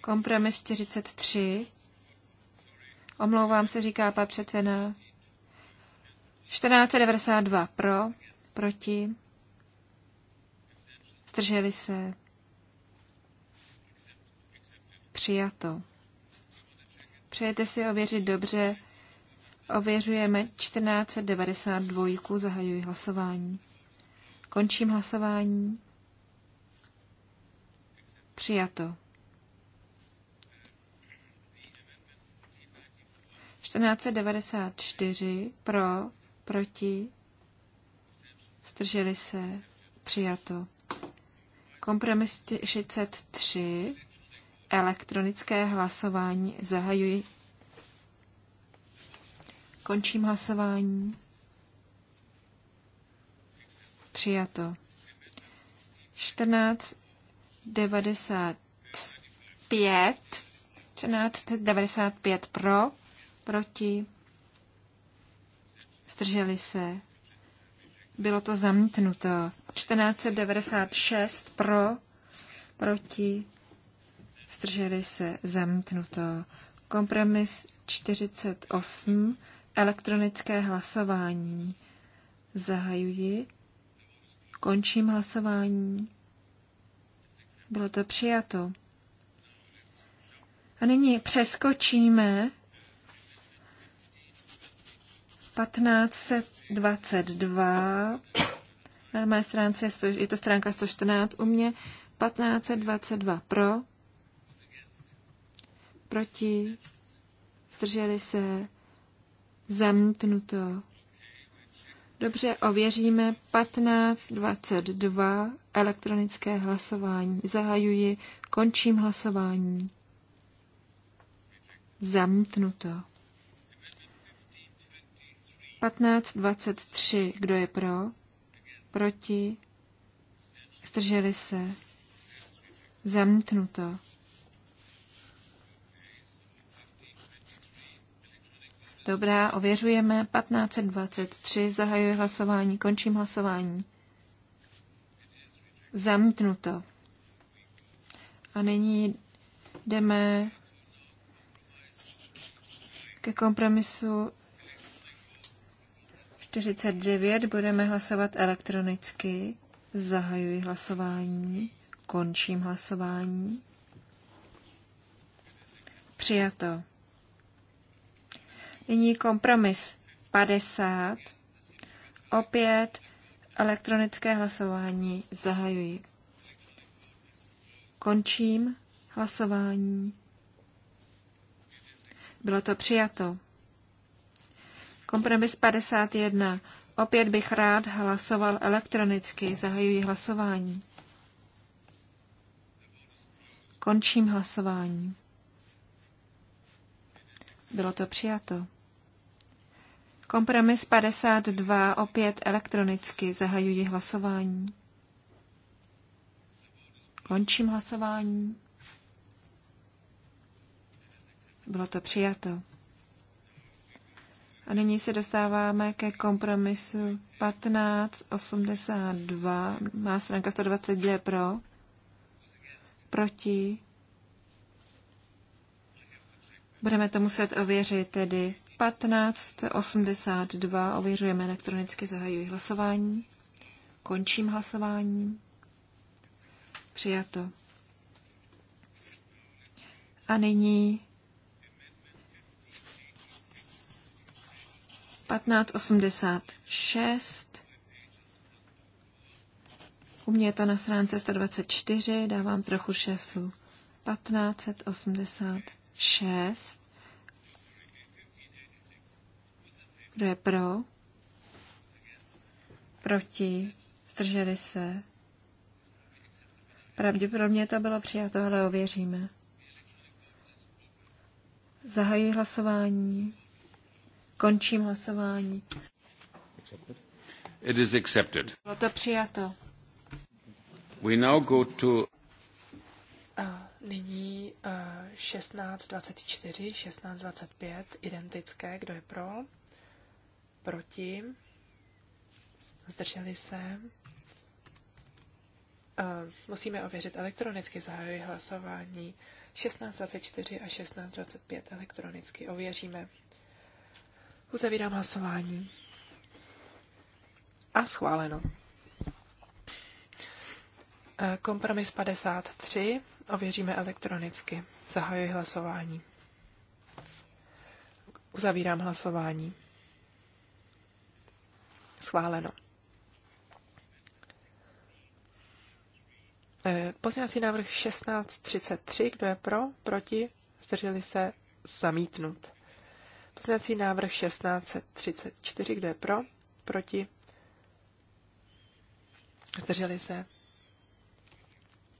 Kompromis 43. Omlouvám se, říká pan předseda. 1492 pro, proti, zdrželi se, přijato. Přejete si ověřit dobře, ověřujeme 1492, zahajuji hlasování. Končím hlasování. Přijato. 1494 pro, proti, zdrželi se, přijato. Kompromis 63, elektronické hlasování, zahajuji. Končím hlasování. Přijato. 1495, 1495 pro, proti, zdrželi se, bylo to zamítnuto. 1496 pro, proti, zdrželi se, zamítnuto. Kompromis 48, elektronické hlasování. Zahajuji, končím hlasování. Bylo to přijato. A nyní přeskočíme 1522, na mé stránce je to stránka 114 u mě, 1522 pro, proti, zdrželi se, zamítnuto. Dobře, ověříme 1522 elektronické hlasování. Zahajuji, končím hlasování. Zamítnuto. 1523. Kdo je pro? Proti? Zdrželi se? Zamítnuto. Dobrá, ověřujeme 1523, zahajuji hlasování, končím hlasování. Zamítnuto. A nyní jdeme ke kompromisu 49 budeme hlasovat elektronicky. Zahajuji hlasování. Končím hlasování. Přijato. Nyní kompromis 50. Opět elektronické hlasování zahajuji. Končím hlasování. Bylo to přijato. Kompromis 51. Opět bych rád hlasoval elektronicky. Zahajuji hlasování. Končím hlasování. Bylo to přijato. Kompromis 52 opět elektronicky. Zahajuji hlasování. Končím hlasování. Bylo to přijato. A nyní se dostáváme ke kompromisu 1582. Má stránka 122 pro. Proti. Budeme to muset ověřit tedy 1582. Ověřujeme elektronicky, zahajuji hlasování. Končím hlasování. Přijato. A nyní 1586. U mě je to na stránce 124, dávám trochu šesu. 1586. Kdo je pro? Proti? Zdrželi se? Pravděpodobně to bylo přijato, ale ověříme. Zahajuji hlasování. Končím hlasování. It is accepted. Bylo to přijato. We now go to... A nyní uh, 16.24, 16.25, identické, kdo je pro, proti, zdrželi se. Uh, musíme ověřit elektronicky, zahajuji hlasování 16.24 a 16.25 elektronicky ověříme. Uzavírám hlasování. A schváleno. Eh, kompromis 53 ověříme elektronicky. Zahajuji hlasování. Uzavírám hlasování. Schváleno. Eh, pozměňovací návrh 1633, kdo je pro, proti, zdrželi se, zamítnut. Poznací návrh 1634, kdo je pro? Proti? Zdrželi se?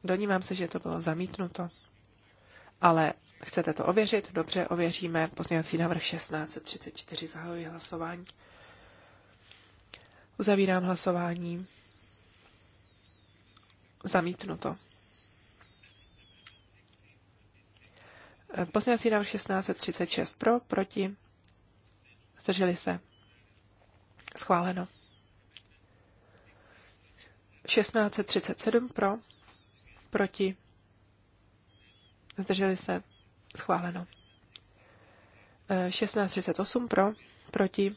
Donímám se, že to bylo zamítnuto. Ale chcete to ověřit? Dobře, ověříme pozměňovací návrh 1634. Zahajuji hlasování. Uzavírám hlasování. Zamítnuto. Pozměňovací návrh 1636 pro, proti, zdrželi se. Schváleno. 1637 pro, proti, zdrželi se, schváleno. 1638 pro, proti,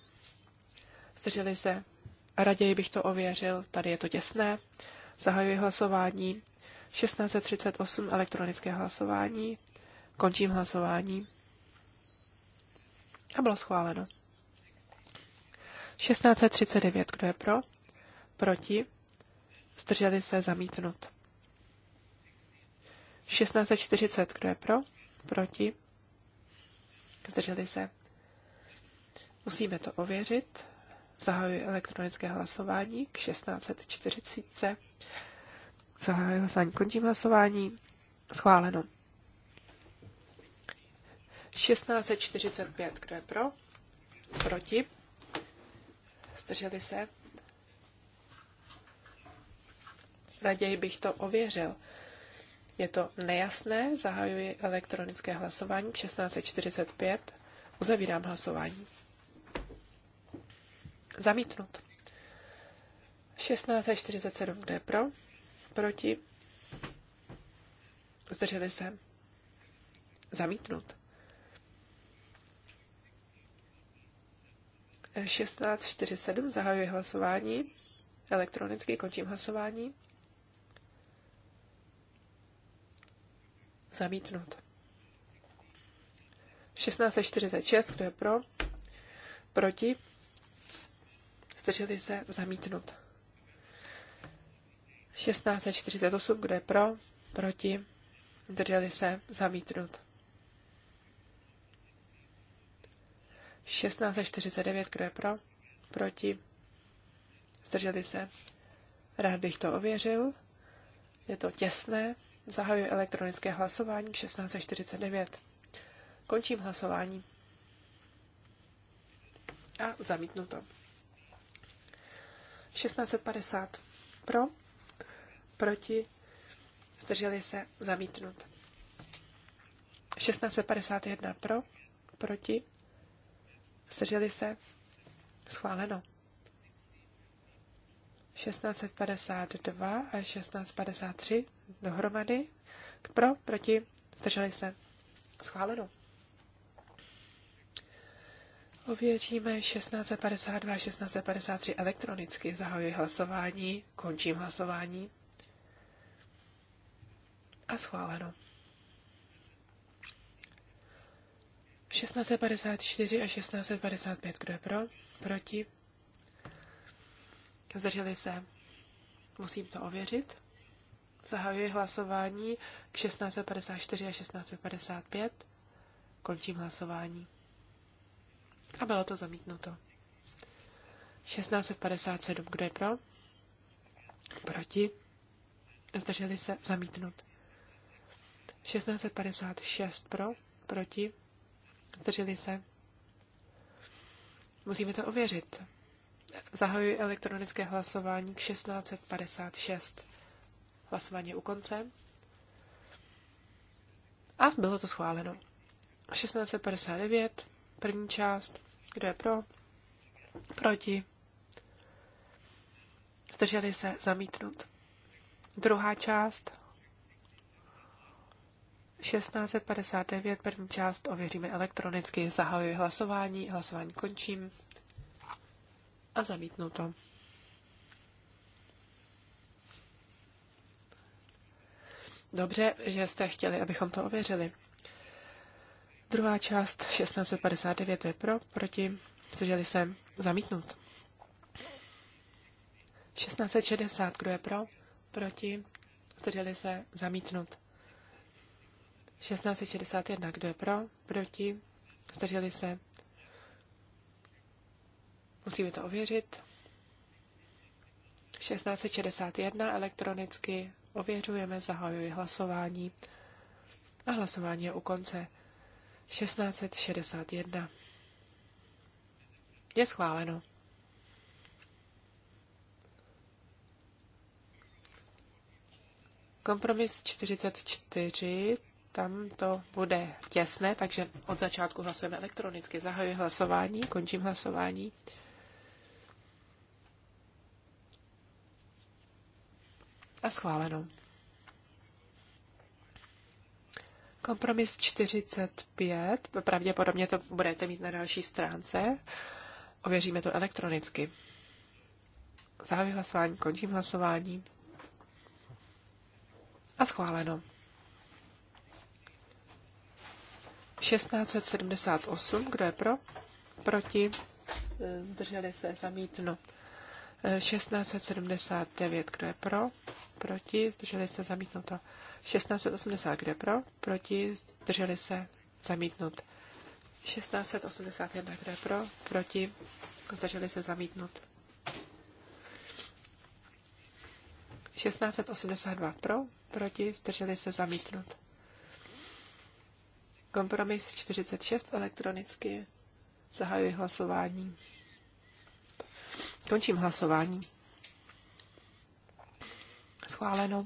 zdrželi se, raději bych to ověřil, tady je to těsné, zahajuji hlasování, 1638 elektronické hlasování, končím hlasování a bylo schváleno. 1639, kdo je pro? Proti? Zdrželi se zamítnut. 1640, kdo je pro? Proti? Zdrželi se. Musíme to ověřit. Zahajuji elektronické hlasování k 1640. Zahajuji hlasování, končím hlasování. Schváleno. 1645, kdo je pro? Proti? Zdrželi se? Raději bych to ověřil. Je to nejasné, zahajuji elektronické hlasování 16.45, uzavírám hlasování. Zamítnut. 16.47 jde pro, proti, zdrželi se. Zamítnut. 16.47 zahajuji hlasování. Elektronicky končím hlasování. Zamítnout. 16.46, kdo je pro? Proti? Zdrželi se zamítnout. 16.48, kdo je pro? Proti? Drželi se zamítnut. 16.49, kdo je pro? Proti? Zdrželi se? Rád bych to ověřil. Je to těsné. Zahajuji elektronické hlasování k 16.49. Končím hlasování. A zamítnu to. 1650. Pro, proti, zdrželi se, zamítnut. 1651 pro, proti, Zdrželi se? Schváleno. 1652 a 1653 dohromady. Pro, proti, zdrželi se. Schváleno. Ověříme 1652 a 1653 elektronicky. Zahajuji hlasování, končím hlasování. A schváleno. 1654 a 1655, kdo je pro? Proti? Zdrželi se. Musím to ověřit. Zahajuji hlasování k 1654 a 1655. Končím hlasování. A bylo to zamítnuto. 1657, kdo je pro? Proti? Zdrželi se zamítnut. 1656 pro, proti, Zdrželi se? Musíme to ověřit. Zahajuji elektronické hlasování k 1656. Hlasování u konce. A bylo to schváleno. 1659, první část. Kdo je pro? Proti? Zdrželi se zamítnut. Druhá část. 1659, první část ověříme elektronicky, zahajuji hlasování, hlasování končím a zamítnu to. Dobře, že jste chtěli, abychom to ověřili. Druhá část 1659 je pro, proti, zdrželi se zamítnout. 1660, kdo je pro, proti, zdrželi se zamítnout. 1661. Kdo je pro? Proti? Zdrželi se? Musíme to ověřit. 1661 elektronicky ověřujeme, zahajuji hlasování a hlasování je u konce. 1661. Je schváleno. Kompromis 44 tam to bude těsné, takže od začátku hlasujeme elektronicky. Zahajuji hlasování, končím hlasování. A schváleno. Kompromis 45, pravděpodobně to budete mít na další stránce. Ověříme to elektronicky. Zahajuji hlasování, končím hlasování. A schváleno. 1678, kdo je pro? Proti? Zdrželi se zamítno. 1679, kdo je pro? Proti? Zdrželi se zamítnuto. 1680, kdo je pro? Proti? Zdrželi se zamítnut. 1681, kdo je pro? Proti? Zdrželi se zamítnut. 1682 pro, proti, zdrželi se zamítnut. Kompromis 46 elektronicky. Zahajuji hlasování. Končím hlasování. Schváleno.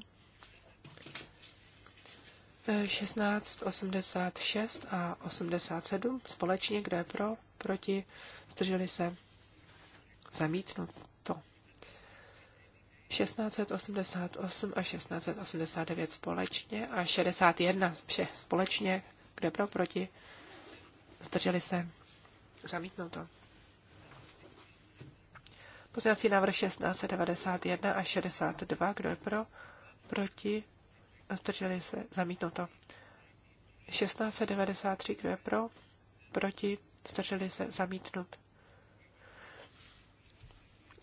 16, 86 a 87 společně, kde je pro, proti, zdrželi se zamítnout 1688 a 1689 společně a 61 vše společně, kde pro, proti, zdrželi se, Zamítnou to. Pozměňovací návrh 1691 a 62, kdo je pro, proti, zdrželi se, Zamítnou to. 1693, kdo je pro, proti, zdrželi se, Zamítnout.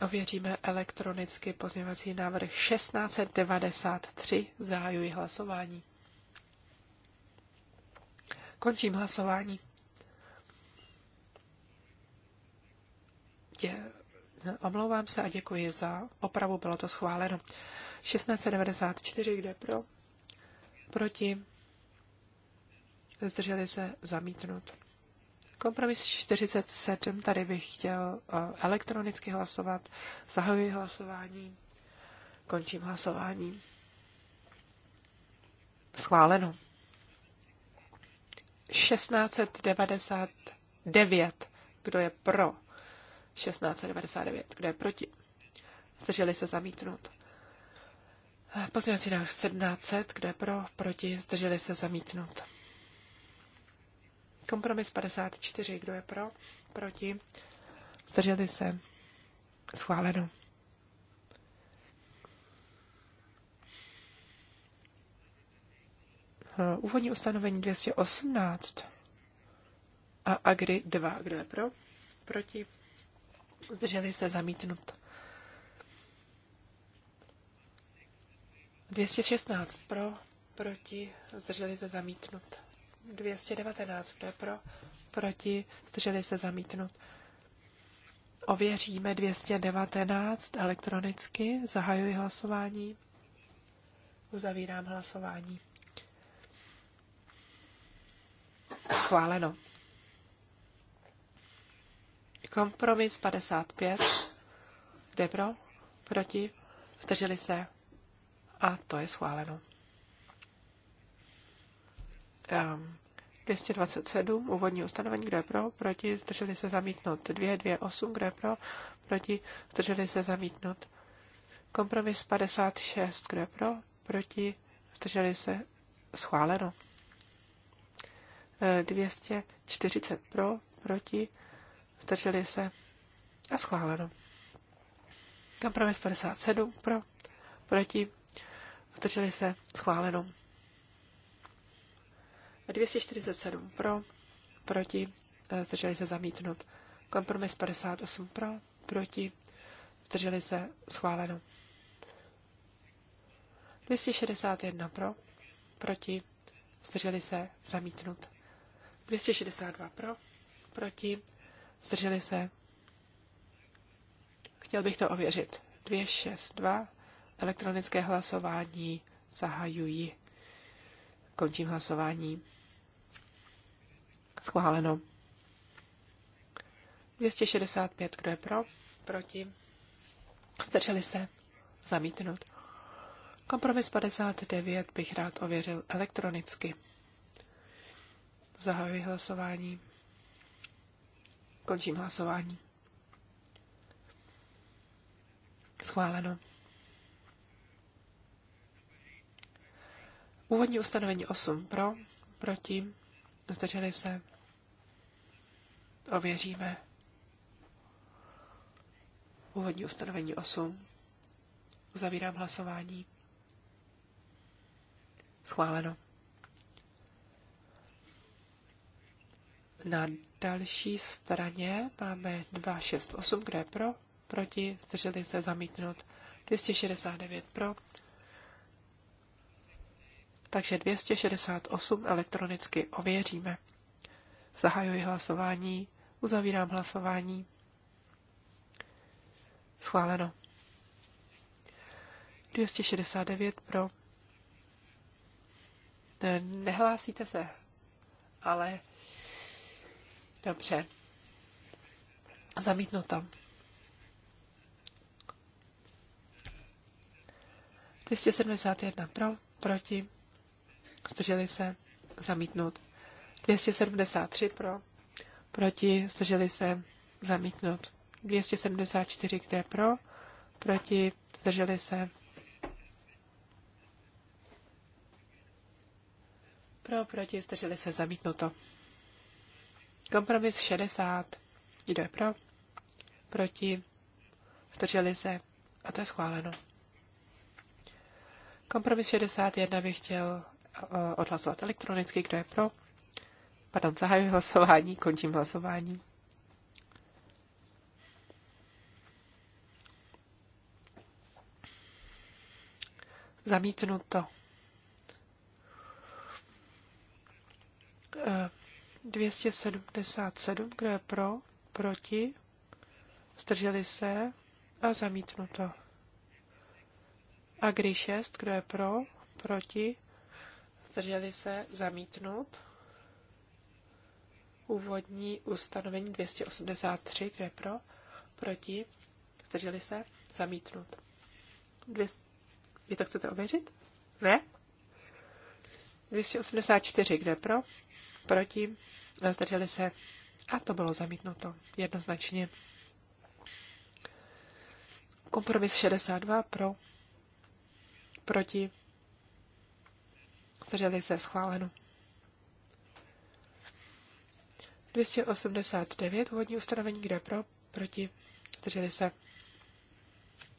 Ověříme elektronicky pozměňovací návrh 1693, zahajuji hlasování. Končím hlasování. Dě, omlouvám se a děkuji za opravu, bylo to schváleno. 1694, kde pro? Proti? Zdrželi se zamítnout. Kompromis 47, tady bych chtěl eh, elektronicky hlasovat. Zahajuji hlasování. Končím hlasování. Schváleno. 1699. Kdo je pro? 1699. Kdo je proti? Zdrželi se zamítnout. Pozměňovací návrh 1700. Kdo je pro? Proti? Zdrželi se zamítnout. Kompromis 54. Kdo je pro? Proti? Zdrželi se. Schváleno. Eh, úvodní ustanovení 218 a Agri 2. Kdo je pro? Proti? Zdrželi se zamítnut. 216 pro, proti, zdrželi se zamítnut. 219 kdo je pro, proti, zdrželi se zamítnut. Ověříme 219 elektronicky, zahajuji hlasování, uzavírám hlasování. Schváleno. Kompromis 55. Kde pro? Proti? Zdrželi se? A to je schváleno. Um, ehm, 227, úvodní ustanovení, kdo je pro, proti, zdrželi se zamítnout. 2, 2, 8, kdo je pro, proti, zdrželi se zamítnout. Kompromis 56, kdo je pro, proti, zdrželi se schváleno. 240 pro, proti, zdrželi se a schváleno. Kompromis 57 pro, proti, zdrželi se, schváleno. 247 pro, proti, zdrželi se zamítnut. Kompromis 58 pro, proti, zdrželi se, schváleno. 261 pro, proti, zdrželi se, zamítnut. 262 pro, proti, zdrželi se. Chtěl bych to ověřit. 262 elektronické hlasování zahajují. Končím hlasování. Schváleno. 265, kdo je pro? Proti? Zdrželi se? Zamítnut. Kompromis 59 bych rád ověřil elektronicky. Zahajuji hlasování. Končím hlasování. Schváleno. Úvodní ustanovení 8 pro, proti, zdrželi se. Ověříme. Úvodní ustanovení 8. Uzavírám hlasování. Schváleno. Na další straně máme 268, kde je pro, proti, zdrželi se zamítnout 269 pro. Takže 268 elektronicky ověříme. Zahajuji hlasování, uzavírám hlasování. Schváleno. 269 pro. Nehlásíte se, ale Dobře. Zamítnuto. 271 pro, proti, zdrželi se, zamítnout. 273 pro, proti, zdrželi se, zamítnout. 274 kde pro, proti, zdrželi se. Pro, proti, zdrželi se, zamítnuto. Kompromis 60. Kdo je pro? Proti? Zdrželi se? A to je schváleno. Kompromis 61 bych chtěl eh, odhlasovat elektronicky. Kdo je pro? Pardon, zahajuji hlasování, končím hlasování. Zamítnuto. Uh 277, kdo je pro, proti, zdrželi se a zamítnuto. Agri 6, kdo je pro, proti, zdrželi se, zamítnut. Úvodní ustanovení 283, kdo je pro, proti, zdrželi se, zamítnut. Vy to chcete ověřit? Ne? 284, kde pro, proti, zdrželi se a to bylo zamítnuto jednoznačně. Kompromis 62 pro, proti, zdrželi se schváleno. 289 úvodní ustanovení, kde pro, proti, zdrželi se.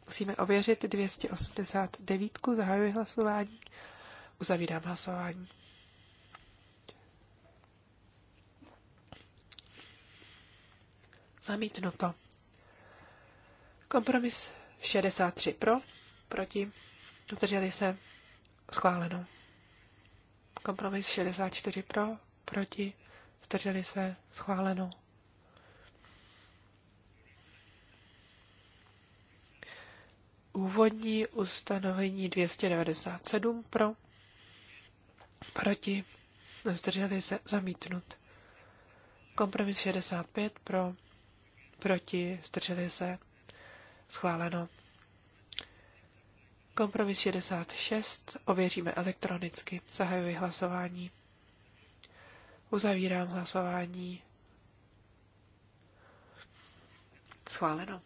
Musíme ověřit 289, zahajuji hlasování, uzavírám hlasování. Zamítnuto. Kompromis 63 pro, proti, zdrželi se, schváleno. Kompromis 64 pro, proti, zdrželi se, schváleno. Úvodní ustanovení 297 pro, proti, zdrželi se, zamítnut. Kompromis 65 pro, proti, zdrželi se, schváleno. Kompromis 66 ověříme elektronicky. Zahajuji hlasování. Uzavírám hlasování. Schváleno.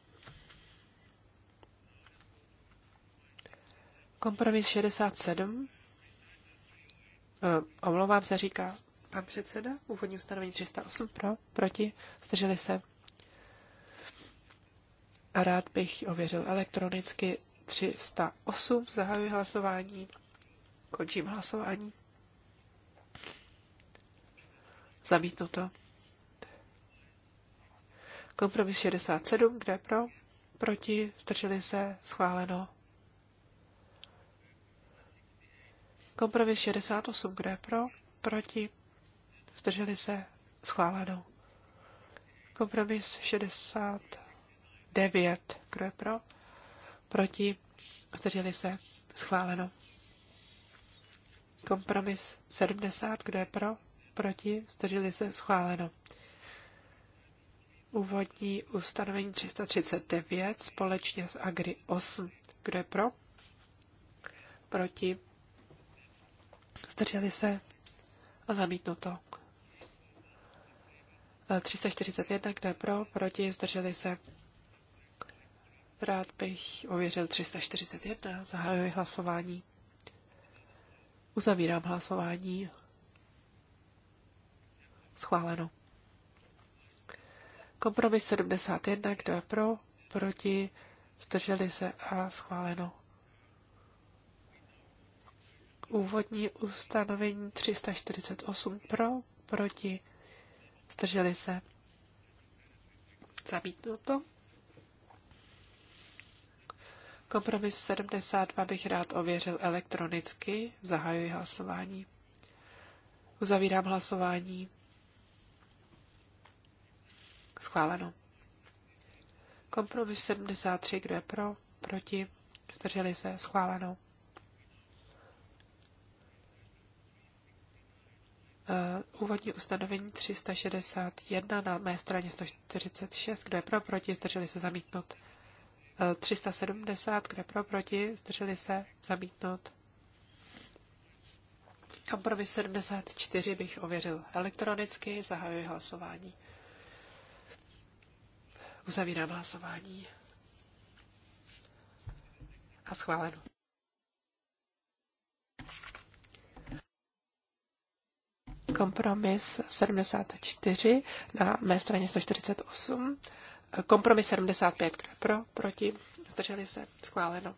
Kompromis 67. Eh, omlouvám se, říká pan předseda. Úvodní ustanovení 308 pro, proti, zdrželi se, a rád bych ověřil elektronicky 308. Zahajuji hlasování. Končím hlasování. Zamítnuto. Kompromis 67, kde pro? Proti, strčili se, schváleno. Kompromis 68, kde pro? Proti, strčili se, schváleno. Kompromis 60. 9. Kdo je pro? Proti? Zdrželi se? Schváleno. Kompromis 70. Kdo je pro? Proti? Zdrželi se? Schváleno. Úvodní ustanovení 339 společně s Agri 8. Kdo je pro? Proti? Zdrželi se? A zamítnuto. 341, e, kdo je pro, proti, zdrželi se, Rád bych ověřil 341. Zahajuji hlasování. Uzavírám hlasování. Schváleno. Kompromis 71. Kdo je pro? Proti? Zdrželi se a schváleno. Úvodní ustanovení 348 pro, proti, zdrželi se. Zamítnuto. to. Kompromis 72 bych rád ověřil elektronicky. Zahajuji hlasování. Uzavírám hlasování. Schváleno. Kompromis 73, kdo je pro, proti, zdrželi se, schváleno. Uh, úvodní ustanovení 361 na mé straně 146, kdo je pro, proti, zdrželi se, zamítnout. 370, kde pro, proti, zdrželi se, zamítnout. Kompromis 74 bych ověřil elektronicky, zahajuji hlasování. Uzavírám hlasování. A schváleno. Kompromis 74 na mé straně 148. Kompromis 75, kdo je pro, proti, zdrželi se, schváleno.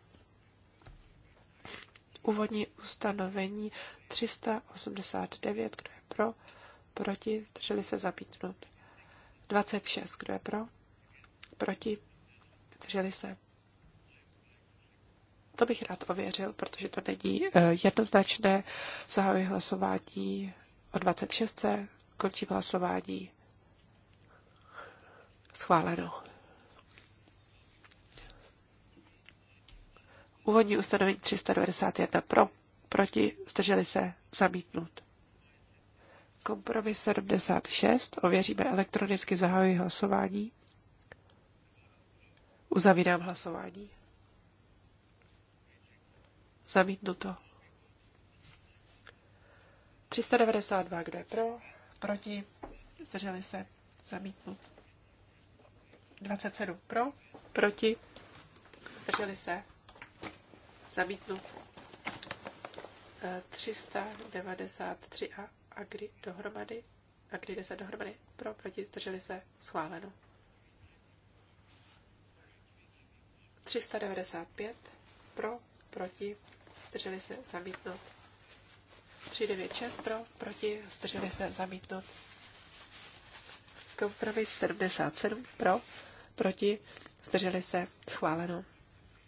Úvodní ustanovení 389, kdo je pro, proti, zdrželi se, zamítnut. 26, kdo je pro, proti, zdrželi se. To bych rád ověřil, protože to není eh, jednoznačné. Zahajuji hlasování o 26. Končím hlasování. Schváleno. Úvodní ustanovení 391 pro, proti, zdrželi se, zamítnut. Kompromis 76, ověříme elektronicky, zahajuji hlasování. Uzavírám hlasování. Zamítnuto. 392, kdo je pro, proti, zdrželi se, zamítnut. 27 pro, proti, zdrželi se, zamítnout. 393 eh, a agri dohromady, agri 10 dohromady, pro, proti, zdrželi se, schváleno. 395 pro, proti, zdrželi se, zamítnout. 396 pro, proti, zdrželi se, zamítnout. Kompromis 77 pro, proti, zdrželi se, schváleno.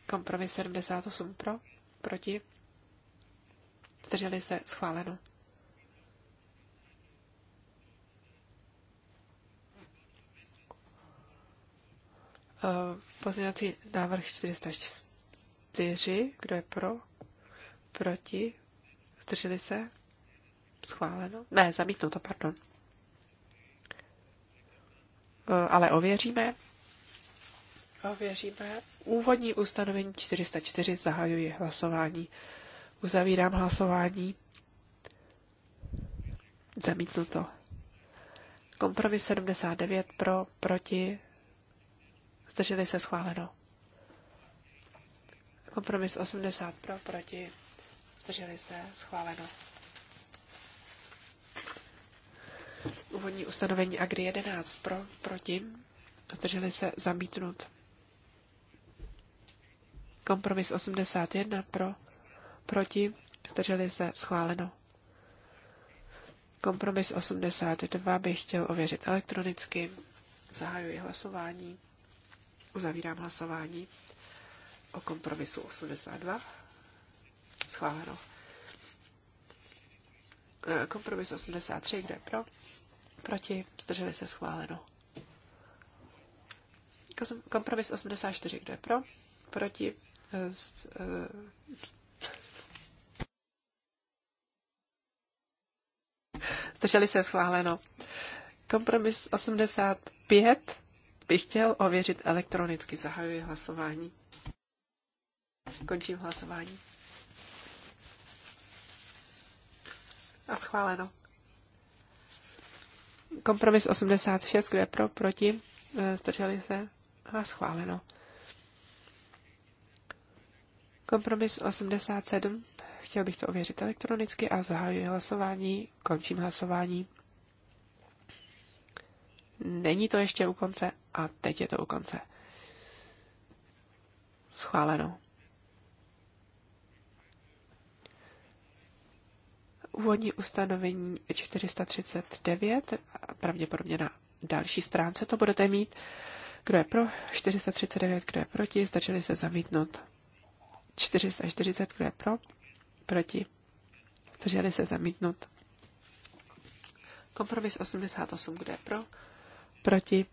Kompromis 78 pro, proti, zdrželi se, schváleno. Eh, pozměňovací návrh 404, kdo je pro, proti, zdrželi se, schváleno. Ne, zamítnuto, pardon. Eh, ale ověříme. Ověříme. Úvodní ustanovení 404 zahajuje hlasování. Uzavírám hlasování. Zamítnuto. Kompromis 79 pro, proti. Zdrželi se schváleno. Kompromis 80 pro, proti. Zdrželi se schváleno. Úvodní ustanovení Agri 11 pro, proti. Zdrželi se zamítnut. Kompromis 81 pro, proti, zdrželi se, schváleno. Kompromis 82 bych chtěl ověřit elektronicky. Zahajuji hlasování. Uzavírám hlasování o kompromisu 82. Schváleno. E, kompromis 83, kdo je pro? Proti, zdrželi se schváleno. Kompromis 84, kdo je pro? Proti, Zdrželi se schváleno. Kompromis 85 bych chtěl ověřit elektronicky. Zahajuji hlasování. Končím hlasování. A schváleno. Kompromis 86, kdo je pro, proti, zdrželi se a schváleno. Kompromis 87. Chtěl bych to ověřit elektronicky a zahajuji hlasování. Končím hlasování. Není to ještě u konce a teď je to u konce. Schváleno. Úvodní ustanovení 439, pravděpodobně na další stránce to budete mít. Kdo je pro? 439, kdo je proti? Stačili se zamítnout. 440, kdo je pro, proti, zdrželi se zamítnout. Kompromis 88, kdo je pro, proti,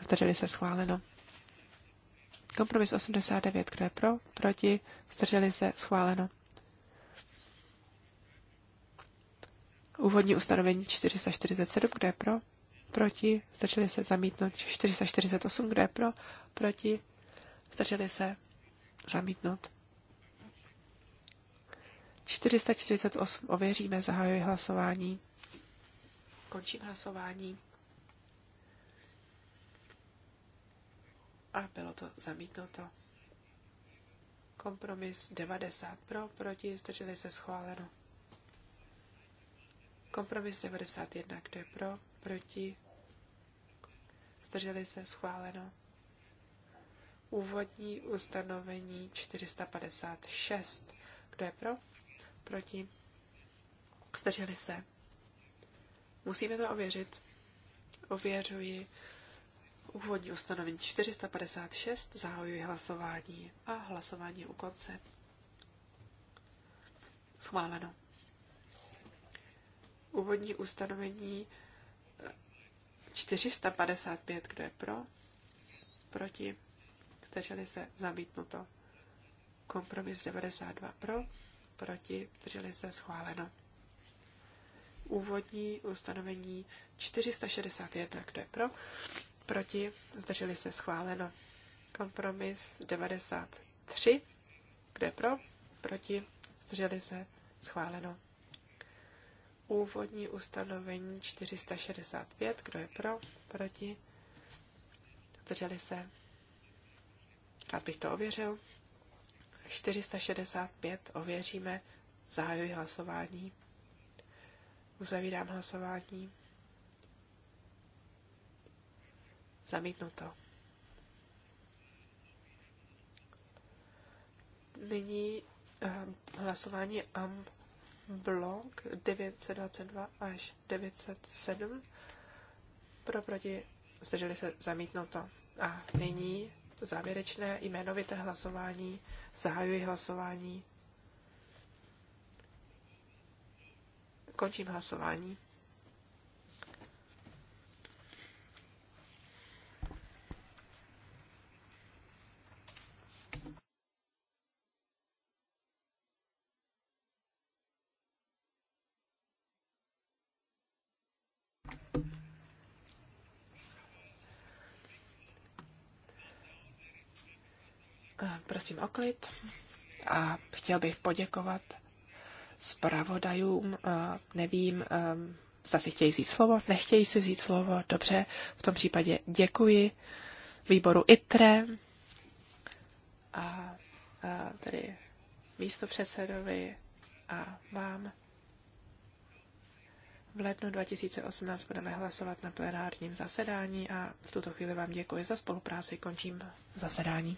zdrželi se schváleno. Kompromis 89, kdo je pro, proti, zdrželi se schváleno. Úvodní ustanovení 447, kde je pro, proti, zdrželi se zamítnout. 448, kde je pro, proti, zdrželi se zamítnout. 448 ověříme, zahajuji hlasování. Končím hlasování. A bylo to zamítnuto. Kompromis 90 pro, proti, zdrželi se schváleno. Kompromis 91, kdo je pro, proti, zdrželi se schváleno. Úvodní ustanovení 456, kdo je pro, proti, zdrželi se. Musíme to ověřit. Ověřuji úvodní ustanovení 456, zahajuji hlasování a hlasování u konce. Schváleno. Úvodní ustanovení 455, kdo je pro, proti, zdrželi se, zamítnuto. Kompromis 92 pro, proti, drželi se schváleno. Úvodní ustanovení 461, kdo je pro, proti, zdrželi se schváleno. Kompromis 93, kdo je pro, proti, zdrželi se schváleno. Úvodní ustanovení 465, kdo je pro, proti, zdrželi se. Rád bych to ověřil. 465 ověříme, zahajuji hlasování, uzavírám hlasování, zamítnuto. Nyní ehm, hlasování am blok 922 až 907 pro proti zdrželi se zamítnuto. A nyní závěrečné jmenovité hlasování. Zahajuji hlasování. Končím hlasování. prosím o klid a chtěl bych poděkovat zpravodajům. Eh, nevím, eh, zda si chtějí vzít slovo, nechtějí si vzít slovo, dobře, v tom případě děkuji výboru ITRE a, a tedy místopředsedovi a vám. V lednu 2018 budeme hlasovat na plenárním zasedání a v tuto chvíli vám děkuji za spolupráci. Končím zasedání.